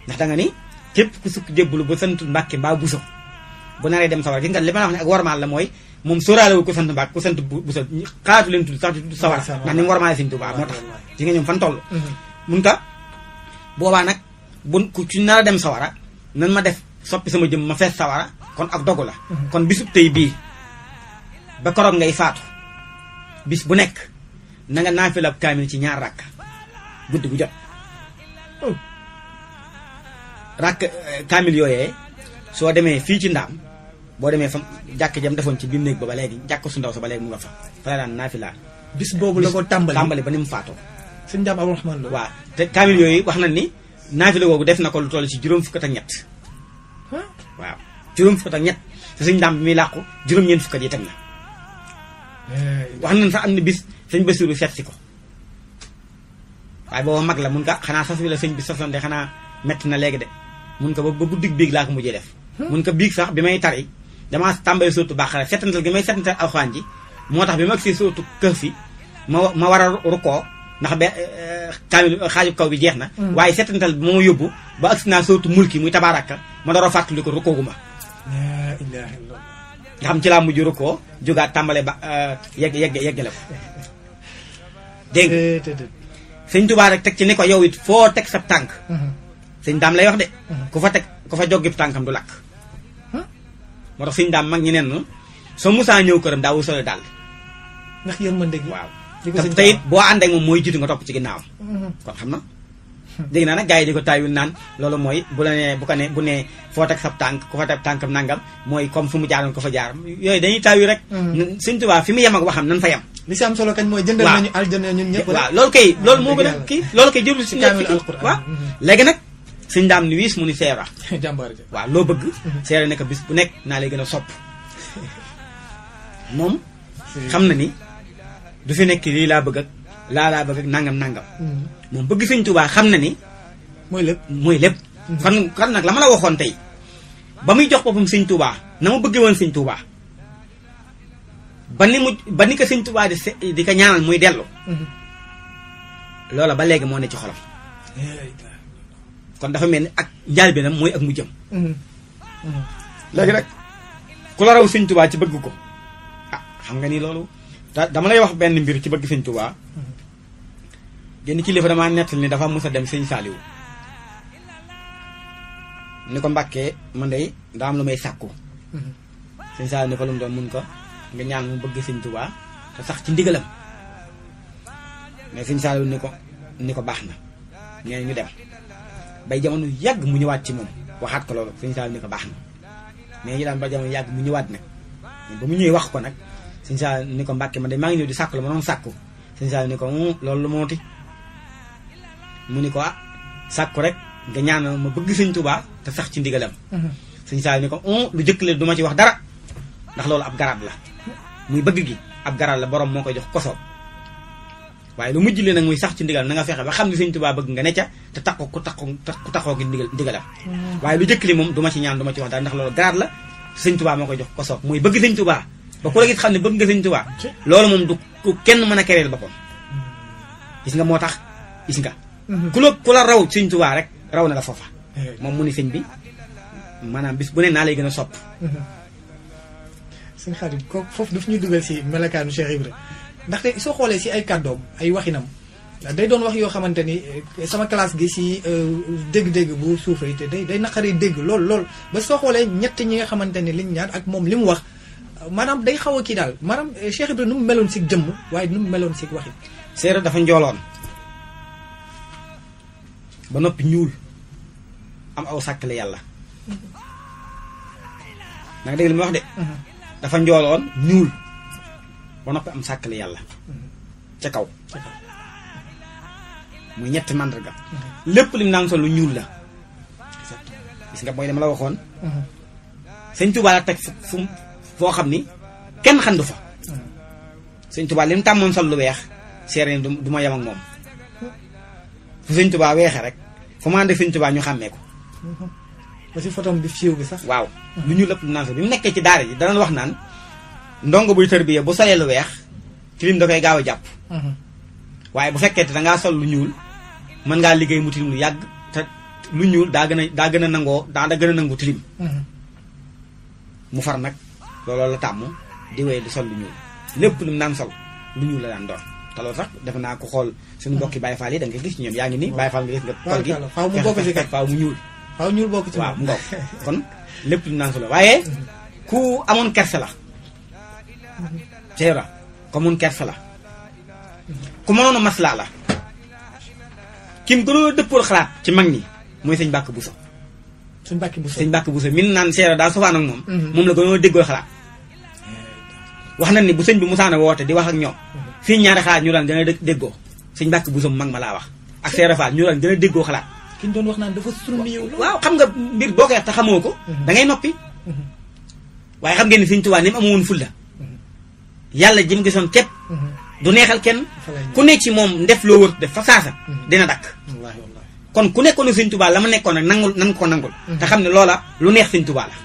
ndax da nga ni képp ku sukk jébbulu ba sant mbàkke mbaa buso bu naree dem sawar gis nga li ma la wax ne ak warmaal la mooy moom sóoraale wu ko sant Mbàkke ku sant bu sa xaatu leen tudd sax di tudd sawar ndax ni moo tax gis nga ñoom fan mm-hmm. mun ka boobaa nag bu ku ci dem sawara nan ma def soppi sama jëm ma fees sawara kon ak dogu la mm-hmm. kon bisub tey bii ba koroog ngay faatu bis bu nekk na nga naafilab kaamil ci ñaar rakk guddi gu jot oh. rakk eh, kaamil yooyee soo demee fii ci ndaam boo demee fa jàkk jam defoon ci biir néeg ba ba léegi jàkk su ndaw sa ba léegi mu nga fa fa la daan naafila bis boobu la ko tàmbali ba ni mu faatoo sëñ Jaam Abdu Rahmaan la waaw te kaamil yooyu wax na ni naafila googu def na ko lu ci juróom fukk ak ñett waaw juróom fukk ak ñett te juróom-ñeent fukk ak na eh. wax nañ sax am na bis sëñ Basiru seet si ko waaye booba mag la mun ko xanaa sas bi la sëñ bi sasoon de xanaa mett na léegi de mun ko ba ba guddig biig laa ko mujjee def mun ko biig sax bi may tari dama tambay suratu bakara setantal gi may setantal alquran ji motax bi mag ci suratu kahfi ma ma wara ruko ndax be eh, kamil xaju kaw bi jeexna mm. waye setantal mo yobbu ba aksina na mulki muy tabaraka ma dara fatali ko ruko guma la ilaha illallah xam ci la mujju ruko juga tambale ba yeg yeg yeg la deng seigne touba rek tek ci ne ko yow it fo tek sa tank mm-hmm. seigne dam lay wax de mm-hmm. ku fa tek ku fa joggi tankam du lak moo tax suñu daam mag ñi neen soo musaa ñëw këram daawul solo dàll ndax yërmande gi waaw te it boo ànd ak moom mooy jiitu nga topp ci ginnaaw mm-hmm. kon xam na dégg naa nag gars yi ko naan loolu mooy bu la nee bu bu ne foo teg sab tànk ku fa teg tànkam nangam mooy comme fu mu jaaroon ko fa jaar yooyu dañuy taayu rek mm-hmm. Sëñ Tuubaa fi mu yem waxam nan fa yem li si am solo kañ mooy jëndal nañu aljana ñun ñëpp waaw loolu kay loolu moo gën a kii loolu kay jëlul si nekk waaw mm-hmm. léegi nag sëñ daam ni wiis mu ni seera waaw loo bëgg seera nekk bis bu nekk naa lay gën a sopp moom xam na ni du fi nekk lii laa bëgg ak laa laa bëgg ak nangam nangam mm-hmm. moom bëgg sëñ Tuubaa xam na ni mooy lépp mooy lépp kan mm-hmm. nag la ma la waxoon tey ba muy jox boppam sëñ Tuubaa na mu bëggee woon sëñ Tuubaa ba ni mu ba ni ko sëñ Tuubaa di di ko ñaanal muy dellu mm-hmm. la ba léegi moo ne ci xolam kon dafa melni ak njaal bi nag moy ak mujjam mm-hmm. Mm-hmm. léegi nak ku la raw seigne touba ci bëgg ko ah, xam nga ni lolu dama lay wax benn mbir ci bëgg seigne touba mm-hmm. genn ci lifa dama netal ni dafa mos dem seigne saliw ni ko mbàkkee man day da am lu may sakku seigne saliw ni ko lu mu mun ko nga ñaan mu bëgg seigne touba ta sax ci ndigalam mais seigne saliw ni ko ni ko baxna ñeñu dem bay jamono yag mu ñewat ci mom waxat ko lolu sëñ sall ni ko baax na mais ñu daan bay jamono yag mu ñewat nak bu mu ñëwee wax ko nak sëñ sall ni ko mbacke ma day ma ngi ñëw di sakku ma non sakku sëñ sall ni ko lolu lu mooti mu ni ko ah sakku rek nga ñaan ma bëgg sëñ Touba ta sax ci ndigalam mhm. sëñ sall ni ko lu jëk le duma ci wax dara ndax lolu ab garab la muy bëgg gi ab garab la borom moko jox kosoob waaye lu mujj li nag muy sax ci ndigal na nga fexe ba xam ne sëñ tubaa bëgg nga ne te takko ku takko ku takkoo gi ndigal ndigalam mm. waaye lu jëkk li moom duma ci ñaan duma ci wax daal ndax loolu garaat la sëñ tubaa moo koy jox ko soob muy bëgg sëñ tubaa ba ku la gis xam ne bëgg nga sëñ tubaa loolu moom du ku kenn mën a kereel boppam mm. gis nga moo tax gis nga mm-hmm. ku la ku la raw sëñ tubaa rek raw na la foofa eh. moom mu ni sëñ bi maanaam bis bu ne naa lay gën a sopp mm-hmm. sëñ Xaadim kooku foofu daf ñuy dugal si melakaanu Cheikh Ibra ndaxte soo xoolee si ay kàddoom ay waxinam day doon wax yoo xamante ni eh, sama classe gi si eh, dégg-dégg bu suufee te day day naqari dégg lool lool ba soo xoolee ñett ñi nga xamante ni liñ ñaar ak moom li mu wax maanaam day xaw a kii daal maanaam eh, Cheikh Ibra nu mu meloon si jëmm waaye nu mu meloon si waxi seere dafa njooloon ba noppi ñuul am aw sàkkale yàlla mm-hmm. nanga dégg li ma wax de mm-hmm. dafa njooloon ñuul ba noppi am sàkkale yàlla ca kaw muy ñetti màndarga lépp lim naan sol lu ñuul la gis nga mooy dama la waxoon sëñ Tuubaa la teg fu foo xam ni kenn xandu fa sëñ Tuubaa lim tàmmoon sol lu weex seere ni du ma yem moom fu sëñ Tuubaa weexe rek fu ma ànd sëñ Tuubaa ñu xàmmee ko ba si photo bi siiw bi sax waaw lu ñuul lépp lim naan sol bi mu nekkee ci daara ji danañ wax naan ndongo buy tërbiya bu solee lu weex tilim da koy gaaw a jàpp mhm. waaye bu fekkee te dangaa sol lu ñuul mën ngaa liggéey mu tilim lu yàgg te lu ñuul daa gën a nangoo da gën a nangu tilim mhm. mu far nag looloo la tàmm di wéy di sol lu ñuul lépp lu naan sol lu ñuul la daan doon te loolu sax defe naa ko xool suñu mhm. mbokki Baye Fall yi da nga gis ñoom yaa ngi nii Baye Fall nga gis nga tol gi faaw mu ñuul faaw ñuul bokk ci waaw kon lépp lu mu naan sol waaye ku amoon kerse la ceera ko mun kersa la ku mënoon masla la kim gënoo dëppool xalaat ci magni moy mooy sëñ bàkk buso sëñ bàkk buso sëñ bàkk buso min nan seera da sofaan ak mom mom mhm. la gënoo déggoo xalaat wax nañ ni bu sëñ bi musaana wote di wax mhm. ak ñoom fi ñaari xalaat ñu daan gën a déggoo sëñ bàkk buso mag ma laa wax ak seera fa ñu daan gën a déggoo xalaat kiñ doon wax nan dafa sunni yow waaw xam nga mbir boo ta xamoko mhm. da ngay noppi waye xam ngeen ni sëñ nim amu won fulla yàlla jëm gisoon képp mm-hmm. du neexal kenn ku ne ci moom ndef loo wër def fa saasa mm-hmm. dina dakk kon ku nekkoon sëñ tubaal la ma nekkoon nag nangul nan ko nangul mm-hmm. te xam ne loola lu neex sëñ tubaa la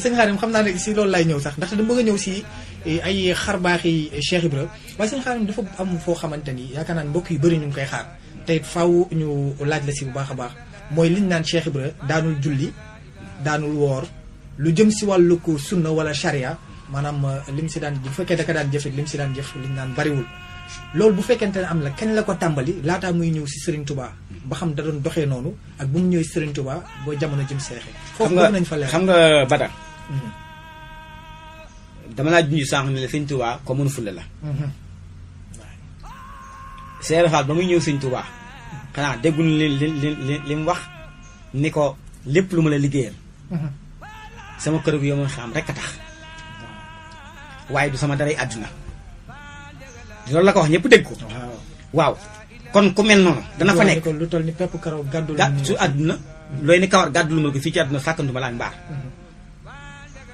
sëñ xaarim xam naa ne si loolu lay ñëw sax ndaxte dama bëgg a ñëw si eh, ay xarbaax yi eh, Cheikh Ibra waaye sëñ xaarim dafa am foo xamante ni yaakaar naa ne mbokk yu bëri ñu ngi koy xaar te faw ñu laaj la si bu baax a baax mooy liñ naan Cheikh Ibra daanul julli daanul woor lu jëm si wàllu ko sunna wala charia maanaam euh, li mu si daan bu fekkee da ka daan jëf lim si daan jëf liñ naan bariwul loolu bu fekkente ne am la kenn la ko tàmbali laataa muy ñëw si Serigne Touba ba xam da doxee noonu ak bu mu ñëw Serigne Touba ba jamono jëm seexee. foofu bëgg nañ fa leer xam nga Bada. Mhm. sànq ne ko mën fulla la. Mhm. Seex Faal ba muy ñëw Serigne Touba xanaa déggul li li li mu wax ni ko lépp lu ma la liggéeyal. Mhm. sama kër gu yow ma xam rek a tax. waye du sama daray aduna lolou la ko wax ñepp dégg ko. waaw kon ku mel non dana fa nek lu tol ni pepp karaw gàddu la su àdduna mm-hmm. looy ni kawar gàddu lu ma ko fii ci aduna sakanduma laa mbaar mm-hmm.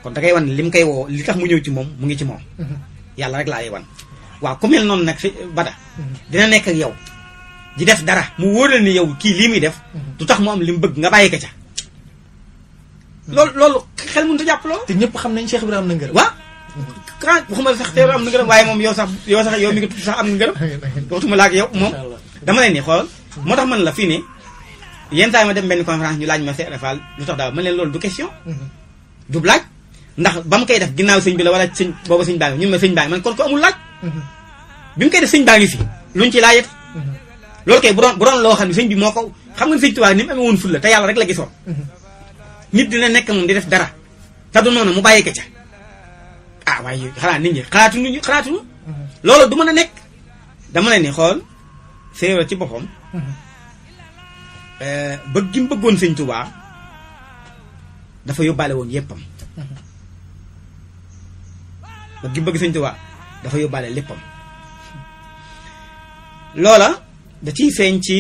kon da kay wan lim kay wo li tax mu ñew ci mom mu ngi ci mom mm-hmm. yalla rek la lay wan. waaw ku mel non nak fi bada dina nek ak yow di def dara mu wóoral ni yow ki limi def du tax mo am lim bëgg nga bàyyi ka ca lol lol xel mu a japp lo te ñepp xam nañ Cheikh ibrahim na ngër waaw ah waxuma sax te am na ngërëm waaye moom yow sax yow sax yow mi ngi am na ngërëm waxtuma laak yow moom dama leen ni xoolal moo tax man la fii ne yenn saa yi ma dem benn conférence ñu laaj ma Cheikh Ibra Fall lu tax daaw man leen loolu du question mhm. du laaj ndax ba mu koy def ginnaaw sëñ bi la wala sëñ booba sëñ baa ngi ñun ma sëñ baa ngi man kon ko amul laaj mhm. bi mu koy def sëñ baa ngi lu luñ ci laajat mhm. loolu kay bu doon bu doon loo xam ne sëñ bi moo ko xam nga sëñ Tuubaa ni mu amee woon ful la te yàlla rek la gisoon nit dina nekk moom di def dara te noonu mu bàyyi ko ah waaye xalaat nit ñi xalaatuñu ñu xalaatuñu. loolu du mën a nekk dama leen ni xool séeréer ci boppam. Eh, bëgg gi mu bëggoon dafa yóbbaale woon yéppam. bëgg gi bëgg sëñ Tuubaa dafa yóbbaale léppam. loola da ciy feeñ ci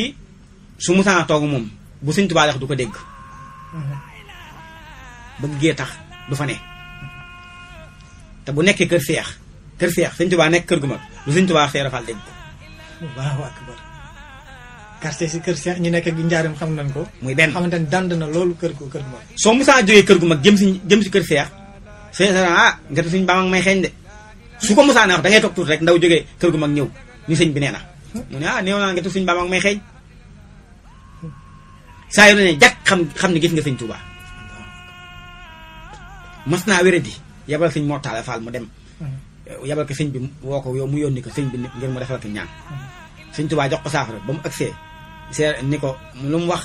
su mu saan toog moom bu sëñ Tuubaa wax du ko dégg. Mm-hmm. bëgg tax du fa ne. te bu nekkee kër seex kër seex sëñ tubaa nekk kër gu mag lu sëñ tubaa seera faal dégg ko waaw akbar quartier si ñu nekk gi njaarim xam nañ ko muy benn xamante ne dànd na loolu kër gu kër gu mag soo musaa jógee kër gu mag jëm si jëm si kër seex sëñ sa ah nga may xeeñ de su ko musaa ne wax da ngay toog tuuti rek ndaw jógee kër gu mag ñëw ñu sëñ bi nee na mu ne ah néew naa nga def suñu baam may xeeñ saa yu ne jàkk xam xam ne gis nga sëñ tubaa mas naa wéradi yebal sëñ Mortalla Fall mu dem mm-hmm. yebal ko sëñ bi woo ko yow mu yónni ko sëñ bi ngir mu defal ko ñaan mm-hmm. sëñ Tuubaa jox ko saafara ba mu agsee seer ni ko lu mu wax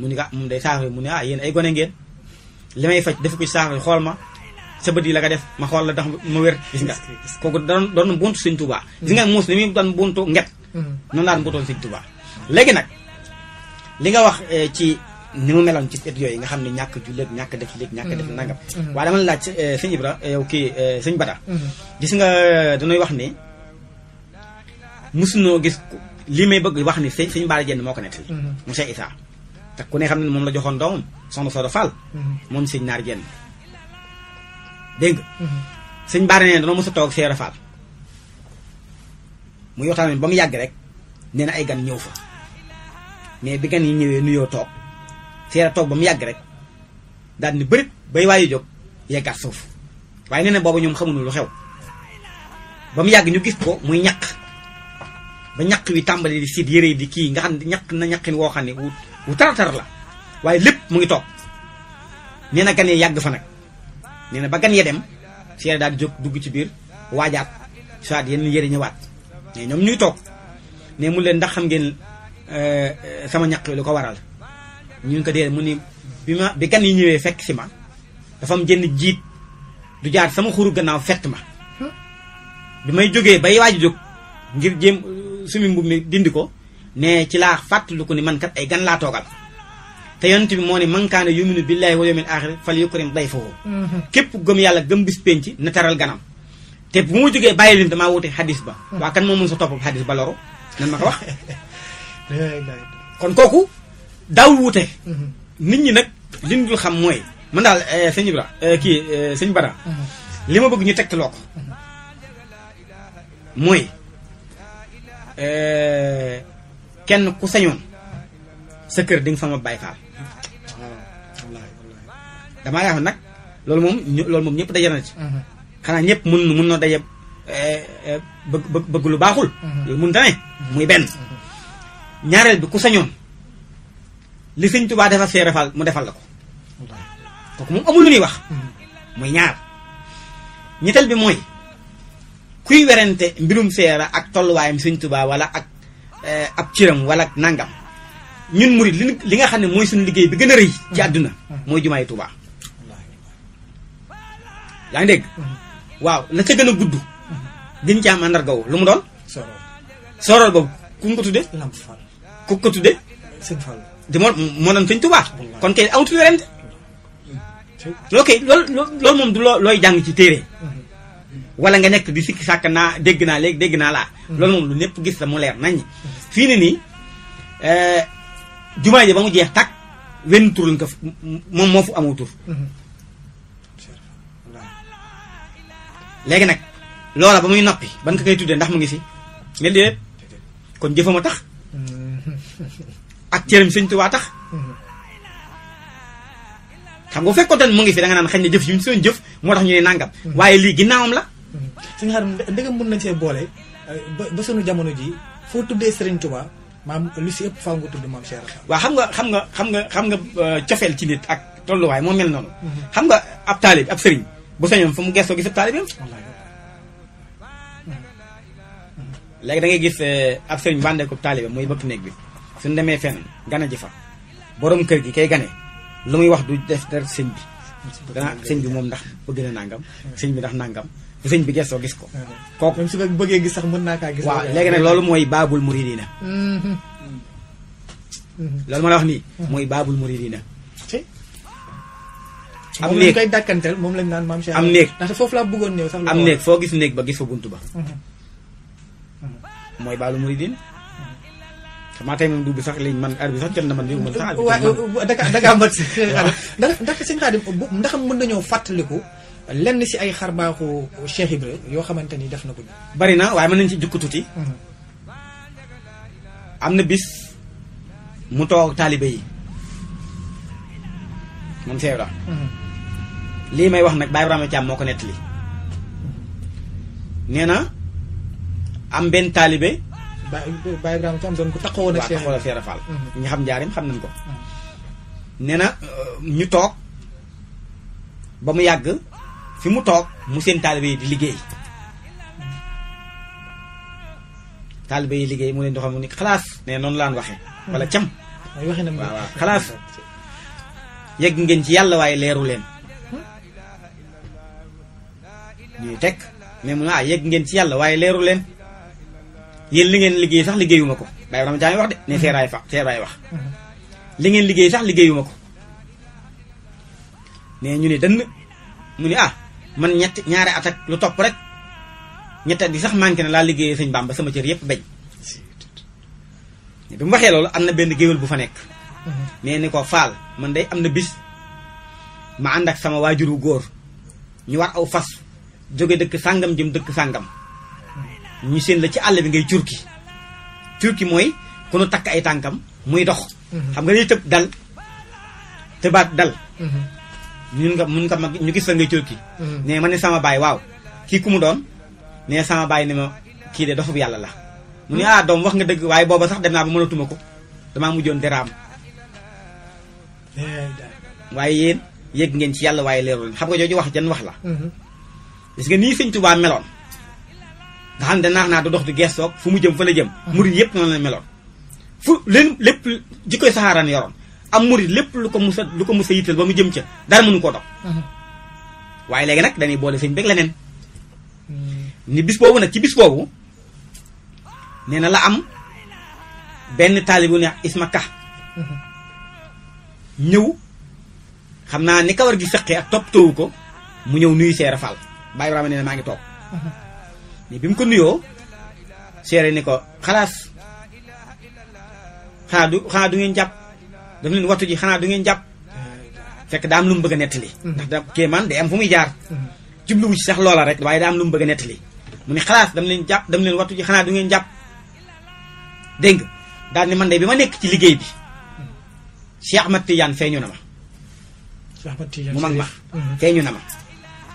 mu ni ko ah, moom day saafara mu ne ah yéen ay gone ngeen li may faj def ko ci xool ma sa yi la nga def ma xool la tax ma wér gis nga kooku doon doon buntu sëñ Tuubaa gis nga muus ni muy doon buntu nget mm-hmm. noonu laa doon buntoon sëñ Tuubaa léegi nag li nga wax eh, ci ni mu meloon ci ét yooyu nga xam ne ñàkk ñàkk def léeg ñàkk def mm-hmm. nangam mm-hmm. waaye dama la laaj eh, sëñ Ibra eh, yow kii eh, sëñ Bada mm-hmm. gis nga dañuy wax ni musunoo gis li may bëgg wax ni sëñ sëñ Bara Dieng moo ko nettali monsieur te ku ne xam moom la joxoon doomam soxna Soda Fall moom sëñ Naar Dieng dégg nga sëñ Bara nee dañoo mos a toog Seera Fall muy waxtaan ba mu yàgg rek nee na ay gan ñëw fa mais bi gan yi ñëwee nuyoo toog seera toog ba mu yàgg rek daal ni bërit bay waaye jóg yeggaat suuf waaye nee na booba ñoom xamuñu lu xew ba mu yàgg ñu gis ko muy ñaq ba ñaq wi tàmbali di sit yére di kii nga xam ne ñaq na ñaqin woo xam ne wu taratar la waaye lépp mu ngi toog nee na gan fa nag nee ba gan ya dem seera daal di jóg dugg ci biir waajaat soit yenn yére ñëwaat mais ñoom ñuy toog ne mu leen ndax xam ngeen euh, sama ñaq lu ko waral ñu ko dee mu ni bi ma bi gan yi ñëwee fekk si ma dafa am jënd jiit du jaar sama xuru gannaaw fett ma bi may jógee bay waaj jóg ngir jéem sumi mbub mi dindi ko ne ci laa fàttaliku ni man kat ay gan laa toogal te yonent bi moo ne man kaana yuminu billaahi wal yawmil aaxir fal bay dayfahu mhm. képp gëm yàlla gëm bis penc na ganam te bu ma jógee bàyyi leen damaa wuti xadis ba mhm. waa kan moo mën sa topp xadis ba loru nan ma ko wax daaw wute. Mhm. nit ñi nag li ñu xam mooy. man daal eh, sëñ Ibra eh, kii eh, sëñ Bara. Mhm. li ma bëgg ñu tegtaloo ko. Mhm. mooy kenn ku sañoon sa kër di nga fa ma bàyyi faal. damaa yaakaar nag loolu moom ñu loolu ñëpp daje na ci. xanaa ñëpp mën mun noo daje bëgg bëgg lu baaxul. loolu mun tane muy benn. ñaareel bi ku sañoon. li sëñ tubaa defal seere faal mu defal la ko kooku moom lu ñuy wax muy ñaar ñetteel bi mooy kuy werante mbirum seera ak tolluwaayam sëñ tubaa wala ak eh, ab wala nangam ñun murit li nga xam ne mooy suñu liggéey bi gën a rëy ci àdduna mooy jumaay tubaa yaa ngi dégg waaw la ca gën a gudd gën ci am àndargaw lu mu doon soror boobu ku ko tudde ku ko tudde di mo non doon touba kon kay awtu fi lo lo kay lo loolu mom du loy jang ci téré wala nga nek di sikki sakana naa na leg léegi na la hmm. lo mom lu nepp gis la mu leer nañ fi ni nii euh, jumaa ji ba jeex tak wenn tur lañ mom mo fu amoo tur hmm. legi nak lola bamuy noppi ban ka kay tuddee ndax mu ngi ci ngel déet kon jëfama tax hmm. ak téeram sëñ tubaa tax xam nga fekkoon tan mu ngi fi da nga naan xañ na jëf yi seen jëf moo tax ñu ne nangam waaye lii ginnaawam la suñu xaram da nga mën nañ see boole euh, ba sunu jamono ji foo tuddee sëriñ tubaa maam lu si ëpp faaw nga tudd maam Cheikh waaw xam nga xam nga xam nga xam nga euh, cofeel ci nit ak tolluwaay moo mel noonu xam nga ab taalib ab sëriñ bu sañoon fu mu gestoo gis ab taalibam léegi da ngay gis euh, ab sëriñ bàndeeku taalibe muy bëpp néeg bi suñ demee fenn gané ji fa borom kër gi kay gané lu muy wax du def dara señ bi dana señ bi mom ndax bu gëna nangam señ bi ndax nangam bu señ bi gesso gis ko kooku même su ko bëggé gis sax mën naa kaa gis wa légui nak loolu moy babul muridina mm-hmm. mm-hmm. loolu ma wax ni moy babul muridina am néeg koy dàkkanteel moom lañ naan maam Cheikh am néeg ndax foofu laa bëggoon ñëw sax am néeg foo gis néeg ba gis fa bunt ba mm-hmm. mooy baabul muridina ma tay mom du sax liñ man ar bi sax jël man yow man sax da da gambat ci ndax seigne khadim ndax mën nañu fatalikou lenn ci ay cheikh ibra yo xamanteni def na ko bari na waye nañ ci tuti mhm. amna bis mu tok talibé yi mom mhm. li may wax nak baye ibrahima moko neena mhm. am ben Baye Ibrahima ci am doon ku taxawoon ak Cheikh waaw Cheikh Fall mm-hmm. ñi xam njaarim xam nañ ko mm-hmm. nee na euh, ñu toog ba mu yàgg fi mu toog mu seen taalibe yi di liggéey taalibe yi liggéey mu leen di xam mu ni xalaas ne noonu laan waxee mm-hmm. wala cam waaw xalaas yegg ngeen ci yàlla waaye leeru leen hmm? ñuy teg mais mu ne ah yegg ngeen ci yàlla waaye leeru leen yéen li ngeen liggéey sax liggéeyuma ko bàyyi dama jaay wax de ne seeraay fa seeraay wax li ngeen liggéey sax liggéeyuma ko ne ñu ne dënn mu ni ah man ñett ñaari at ak lu topp rek ñetti at bi sax manqué na laa liggéeyee sëñ ba sama cër yëpp bañ bi mu waxee loolu am na benn géwél bu fa nekk nee ni ko faal man day am na bis ma ànd ak sama waajuru góor ñu war aw fas jóge dëkk sàngam jëm dëkk sàngam ñu seen la ci àll bi ngay curki curki mooy ku nu takk ay tànkam muy dox mhm. xam nga day tëb dal tëbaat dal mhm. ñun nga mun nga mag ñu gis la ngay curki mhm. ne ma ne sama baay waaw kii ku mu doon ne sama baay ni ma kii de doxub yàlla la mu ne ah doom wax nga dëgg waaye booba sax dem naa ba mënatuma ko damaa mujjoon deraam waaye yéen yëg ngeen ci yàlla waaye leerul xam nga jooju wax jan wax la gis nga nii sëñ Tuubaa meloon nga xam ne naax naa du dox di gestoog fu mu jëm fa la jëm ah. murid yépp noonu la meloon fu leen lépp jikkoy saxaaraan yoroon am murid lépp lu ko musa lu ko musa yital ba mu jëm ca dara mënu koo dox waaye léegi nag dañuy boole sëñ bég leneen hmm. ni bis boobu nag ci bis boobu nee na la am benn taalibu ne isma ka ñëw xam naa ni kawar gi feqee ak topp ko mu ñëw nuyu seera fall bàyyi ibrahima nee na maa ngi toog ni bim ko nuyo séré ni ko khalas xadu xadu ngeen japp daf leen watu ji xana du ngeen japp fekk daa am lu mu bëgg a mhm. ndax da ke man day am fu muy jaar mhm. jubluwu ci sax loola rek waye daa am lu mu bëgg a nettali mu ne xalaas dam leen japp dam leen watu ji xana du ngeen japp deng dal ni man day bima nek ci liggey bi Cheikh Ahmad Tidiane feñu na ma mu mag ma feñu mhm. na ma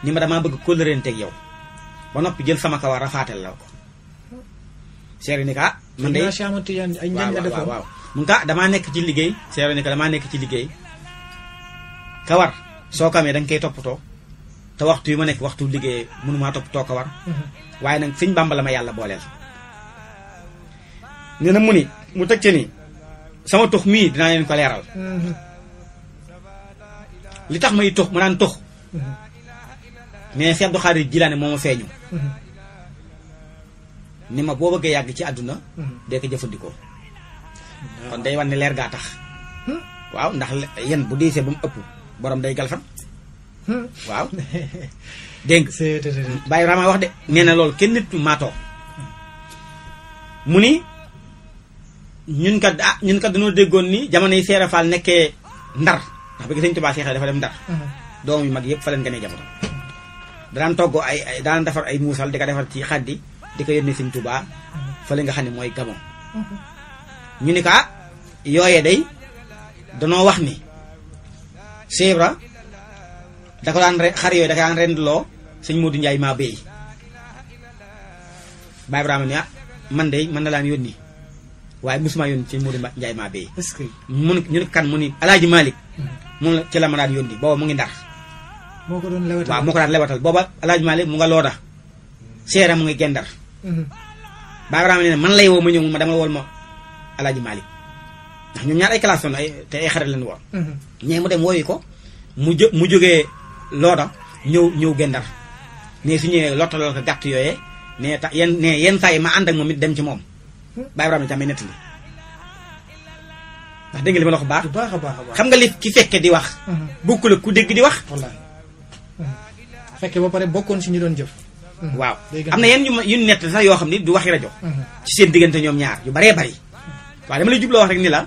ni ma dama bëgg ko kóllërenteeg yow ba noppi jël sama kawar rafaatal la ko seere ni ka man de waaw waaw mun ka dama nek ci liggéey seere ni ka dama nek ci liggéey kawar so mhm. kamé dang kay topoto ta waxtu yu ma nek waxtu liggéey ma topoto kawar waye nak señ bamba lama yalla yàlla booleel na mu ni mu ni sama tux mi dina leen ko leeral mhm. li tax may tux mu nan tux mhm. mais Cheikh Abdou Khadir Jilaani moo ma feeñu mhm. ni ma boo bëggee yàgg ci àdduna mhm. dee ko jëfandikoo ah. kon day wan ne leer gaa tax hmm? waaw ndax yen bu diisee ba mu ëpp borom day galfan hmm? waaw dégg bàyyi rama wax de nee na loolu kenn nit maatoo mu ni ñun kat ah ñun kat dañoo déggoon ni jamono yi seere faal nekkee ndar ndax bi gi sëñ Tuubaa dafa dem ndar hmm. doom yu mag yëpp fa leen gënee jamono danaan togg ay ay danaan defar ay musal di ko defar ci xaddi di ko yónni Sëñ tuba, fa li nga xam ne mooy Gabon ñu ni ka yooye day danoo wax ni sebra da ko daan xar yooyu da ko daan rendloo Sëñ Modou Ndiaye ma béy ba Ibrahima ni ah, man day man na laam yónni musuma yónni Sëñ Modou mun ñu kan mu ni mm-hmm. ci la ma daan yónni ngi ndar moo ko doon lewatal waaw moo ko daan lewatal booba alaaj Malik mu nga looda seera mu ngi gendar mhm. baabaraam ne man lay woo ma ñëw ma dama wol ma alaaj Malik ndax ñoom ñaar ay classe la te ay xarit lañu woon mhm. ñee mu dem wooyu ko mu jo mu jógee looda gendar ne su ñëwee lottaloo ko gàtt yooyee ne ta yen ne yenn saa ma ànd ak moom it dem ci moom hmm? baabaraam ne tamit nettali ndax dégg nga li ma la ko baax xam nga li ki fekke di wax mhm. bukku ku dégg di wax fekke ba pare bokkon ci ñu doon jëf mhm. waaw amna yeen yu yu nett sax yo xamni du waxi radio mhm. ci seen digënté ñom ñaar yu bare bari mhm. wa dama lay jubloo wax rek ni la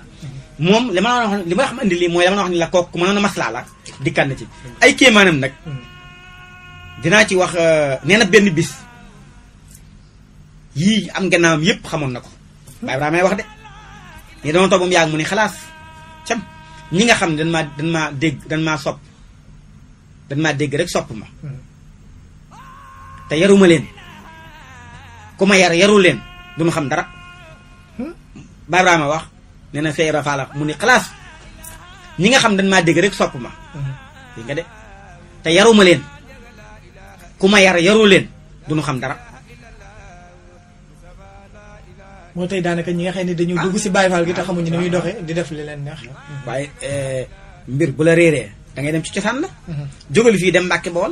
mom lima wax lima wax andi li moy dama wax ni la kooku mënoon a masla la di kan ci ay manam nak dina ci wax euh, nee benn bis yi am gannaam yépp xamoon nako ko ibrahim may wax de ni dama toog ba mu mu ni xalaas cham ñi nga xam dañ ma dañ ma dégg dañ ma sop dañ ma dégg rek sop ma te yaruma len kuma yar yarul len duma xam dara hmm? barama wax nee na rafala muni khalas ni hmm. ya, ñi nga xam dañ ma deg rek sopp yi nga de te yaruma len kuma yar yarul len duma xam dara mo tay danaka ñi nga dañu ah. dugg si Baye gi te ah. ñu ni muy ah. di def li len neex. euh mbir bu la réré da ngay dem ci cosaan la. Hmm. jógal fi dem Mbàkke bol.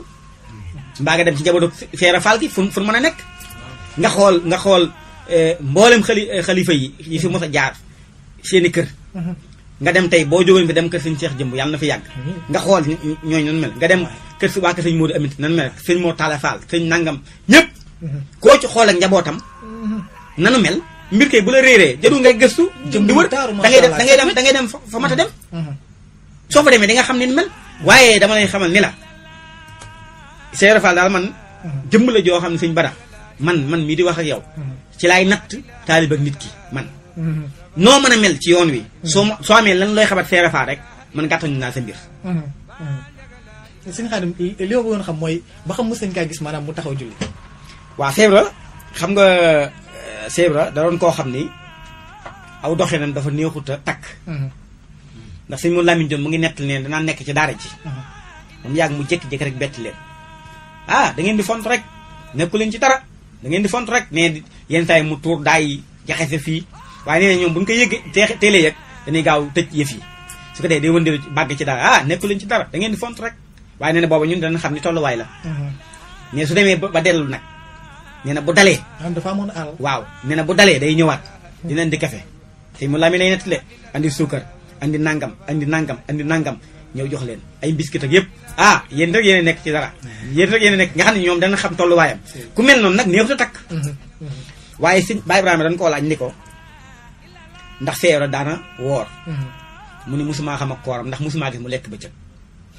mbaa nga dem ci njabootu feera faal gi fu fu mën a nekk nga xool nga xool eh, mboolem xali eh, xalifa yi yi fi mos a jaar seeni kër nga dem tey boo jógoon fi dem kër sëñ Cheikh Jëmb yàlla na fi yàgg nga xool ñooñu nan mel nga dem kër si waa kër sëñ Moodu Amit nan Moo Talla sëñ nangam ñëpp koo ci xool ak njabootam nanu mel mbir bu la réeree jëru ngay gëstu di wër da ngay dem da ngay dem da ngay dem fa mat a dem soo fa demee di nga xam ne mel waaye dama lay xamal ni la Seex Faal daal man hmm. jëmm la joo xam ne sëñ Bada man man mii di wax ak yow hmm. ci laay natt taalib ak nit ki man hmm. noo mën a mel ci yoon wi soo soo amee lan looy xabat Seex Faal rek man gàttañu naa sa mbir sëñ Xaadim li xam mooy ba mu sëñ kaa gis maanaam mu taxaw julli waaw xam nga eh, Seex Ibra da koo xam ni aw doxinam dafa neexut a takk ndax sëñ mu mu ngi nett leen danaa nekk ci daara ji moom yàgg mu jékki-jékki rek bett leen ah da ngeen di font rek nekku leen ci dara da ngeen di font rek mais yenn saa yi mu tuur daay jaxase fii waaye nee na ñoom bu ñu ko yëg tee teelee yëg dañuy gaaw tëj yëf yi su ko dee day wëndeelu bàgg ci daal ah nekku leen ci dara da ngeen di font rek waaye nee na booba ñun danañ xam ni tolluwaay la mais uh-huh. su demee ba dellu nag nee na bu dalee dafa amoon àll waaw nee na bu dalee day ñëwaat dina indi kafe te mu lami la nettale andi suukar andi nangam andi nangam andi nangam ñëw jox leen ay biscuit ak yëpp ah yéen rek yéen nekk ci dara yéen rek yéen nekk nga xam ne ñoom dana xam tolluwaayam ku mel noonu nag néew ta takk waaye si Baay Ibrahima dañ koo laaj ni ko ndax seero daana woor mm-hmm. mu ni musumaa xam ak kooram ndax musumaa gis mu lekk bëccëg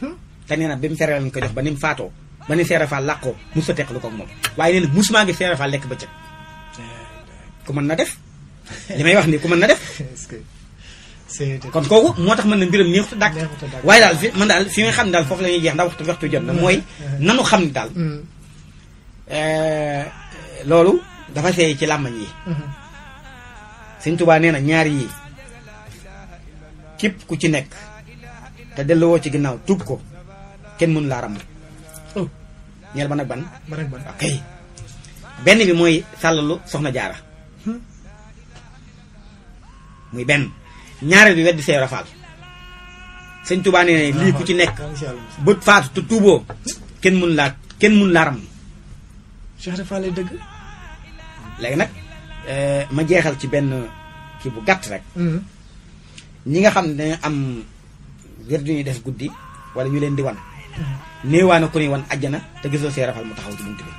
hmm? te nee na bi mu feree lañ ko jox ba ni mu faatoo ba ni seere Faal làqoo mu sa teq lu ko moom waaye nee na maa ngi seera Faal lekk bëccëg ku mën na def li may wax ni ku mën na def kon kooku moo tax mën na mbiram neexut a dàkk waaye daal fi man daal fi nga xam ne daal foofu la ñuy jeex ndax waxtu waxtu jot na mm-hmm. mooy mm-hmm. nanu xam ne daal mm-hmm. euh, loolu dafa seey ci làmmañ yi Sëñ Tuubaa nee na ñaar yii képp ku ci nekk te delluwoo ci ginnaaw tuub ko kenn mënu laa ràmm oh. ñeel ban ban benn bi mooy sàllalu soxna jaara hmm? muy benn ñaareel bi weddi Seex Ibra Faal sëñ Tuubaa nee ah, lii ku ci nekk bët faatu te tuuboo kenn mun laa kenn mun laa ram Seex Ibra Faal lay dëgg léegi nag eh, ma jeexal ci benn kii bu gàtt rek mm-hmm. ñi nga xam ne am wér du ñuy def guddi wala ñu leen di wan mm-hmm. néewaana ku ni wan àjjana te gisoo Seex Ibra Faal mu taxaw ci bunt bi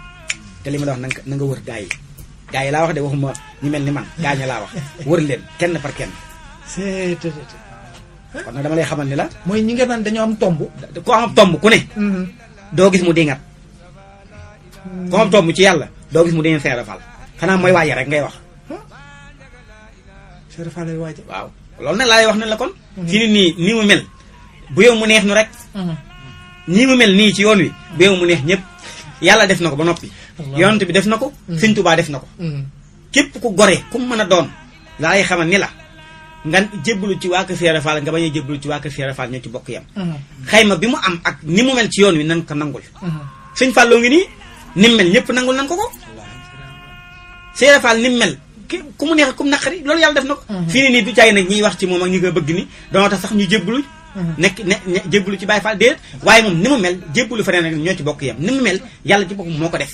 te li ma la wax nanga nga wër gaa yi gaa yi laa wax de waxuma ñu mel ni man gaa ña laa wax wër leen kenn par kenn c'est kon nag dama lay xamal ni la. mooy ñi nga naan dañoo am tomb. koo am tomb ku ne. Mm-hmm. doo gis mu dingat. Mm-hmm. koo xam tomb ci yàlla doo gis mu dingeen Seera xanaa mooy waaja rek ngay wax. Seera Fall waaw loolu nag laa wax ne la kon. Mm-hmm. fii nii nii nii mu mel bu yow mu neex nu rek. nii mu mel nii ci yoon wi bu yow mu neex ñëpp yàlla def na ko ba noppi. yonent bi def na ko. Sëñ Tuubaa def na ko. képp ku gore ku mën a doon. laa lay xamal ni la. nga jébbalu ci waa kër Seera Faal nga bañ a jébbalu ci waa kër Seera Faal ñoo ci bokk yam xayma bi mu am ak ni mu mel ci yoon wi nan ko nangul sëñ Fallou ngi ni mu ñëpp nangul nan ko ko Seera ni mu mel ku mu neex ku mu naqari yàlla def na ko fii nii nii du caay nag ñiy wax ci moom ak ñi ko bëgg ni doona tax sax ñu jébbalu nekk ne jébbalu ci Baay Faal déedéet waaye moom ni mu mel jébbalu feneen ak ñoo ci bokk yam ni mu mel yàlla ci boppam moo ko def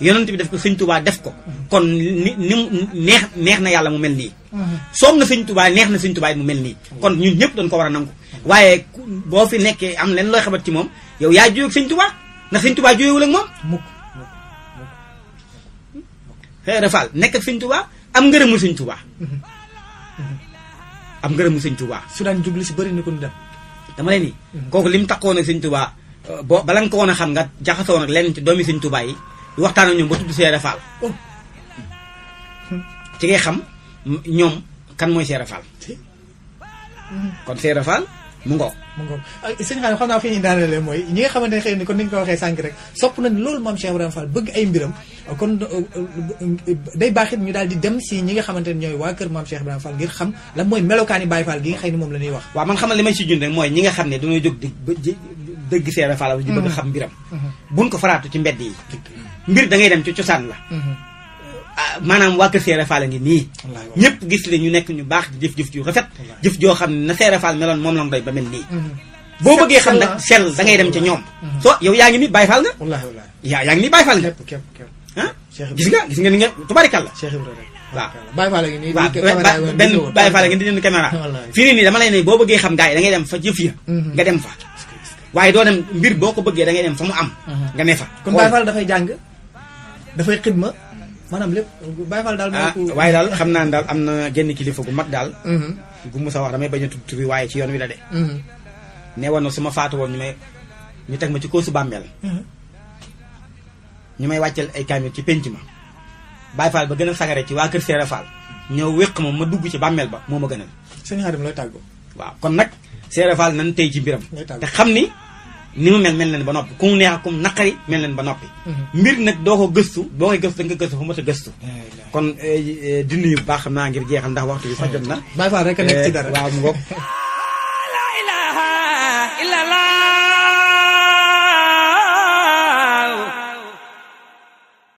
yonent bi def ko sëñ tubaa def ko kon ni ni neex neex na yàlla mu mel nii soom na sëñ tubaa neex na sëñ tubaa mu mel nii kon ñun ñëpp dañ ko war a nangu waaye boo fi nekkee am leen looy xabat ci moom yow yaa jóyoog sëñ tubaa ndax sëñ tubaa jóyowul ak moom rafal nekk ak sëñ am ngërëmul sëñ tubaa am ngërëmul sëñ tubaa su daan jubli si bëri ni ko dem dama leen ni kooku li mu takkoona ak sëñ tubaa uh, boo bala nga ko woon xam nga jaxasoo nag lenn ci doomi sëñ tubaa yi waxtaan ak ñoom ba tudd Seere Faal ci ngay xam ñoom kan mooy Seere Faal kon Seere Faal mu ngoog mu ngoog sëñ Xaadim xam naa fi ñu daanale mooy ñi nga xamante ne xëy na kon niñ ko waxee sànq rek sopp nañ loolu maam Cheikh Ibrahima Fall bëgg ay mbiram kon euh, euh, day baax it daal di dem si ñi nga xamante ne ñooy waa kër maam Cheikh Ibrahima Fall ngir lan mooy melokaani Baye Fall gi nga xëy ni moom la ñuy wax waaw man xamal li may si jun rek mooy ñi nga xam ne dañoo jóg di dëgg Seere Faal ji bëgg mm-hmm. xam mbiram mm-hmm. buñ ko faraatu ci mbedd yi mbir da ngay dem ci cosaan la. Mm-hmm. Ah, maanaam waa kër Seere Faal a ngi nii. ñëpp gis le ñu nekk ñu baax jëf-jëf ju rafet. jëf joo xam ne na Seere Faal meloon moom la doy ba mel nii. Mm-hmm. boo bëggee xam ngay dem ca ñoom. Mm-hmm. soo yaa ngi ni Baay Faal nga. yaa yaa ngi ni Baay Faal nga. képp ah gis nga gis nga ni nga tubarikàlla. Cheikh Ibrahima waaw Baay Faal ngi nii waaw benn Baay Faal ngi fii nii nii dama lay ne boo bëggee xam gars yi da dem fa jëf ya nga dem fa waaye doo dem mbir boo ko bëggee da ngay dem fa mu am nga ne fa kon Baay Faal dafay jàng dafay ma maanaam lépp Baye Fall daal. moo ah, waaye daal xam naa ne daal am na genn kilifa gu mag daal. gu mhm. Moussa wax damay bañ a tudd tur bi waaye ci yoon wi la de. Mhm. ne woon na su ma faatu woon ñu may ñu teg ma ci koosu bàmmeel. Mhm. ñu may wàcceel ay camion ci penc ma. Baye Fall ba gën a sagare ci waa Kër Seera Fall ñëw wéq ma ma dugg ci bàmmeel ba moo ma gënal. sëñ Xaadim looy tàggoo. waaw kon nag Seera Fall nan tey ci mbiram. te xam ni. ni mu mel mel leen ba noppi ku mu neex ku mu naqari mel leen ba noppi mhm. mbir nag doo ko gëstu boo koy gëstu da gëstu fa mos a gëstu kon eh, eh, di yu baax xam naa ngir jeexal ndax waxtu bi sax jot na bàyyi fa rek nekk ci dara eh, waaw mu ngoog la ilaha illallah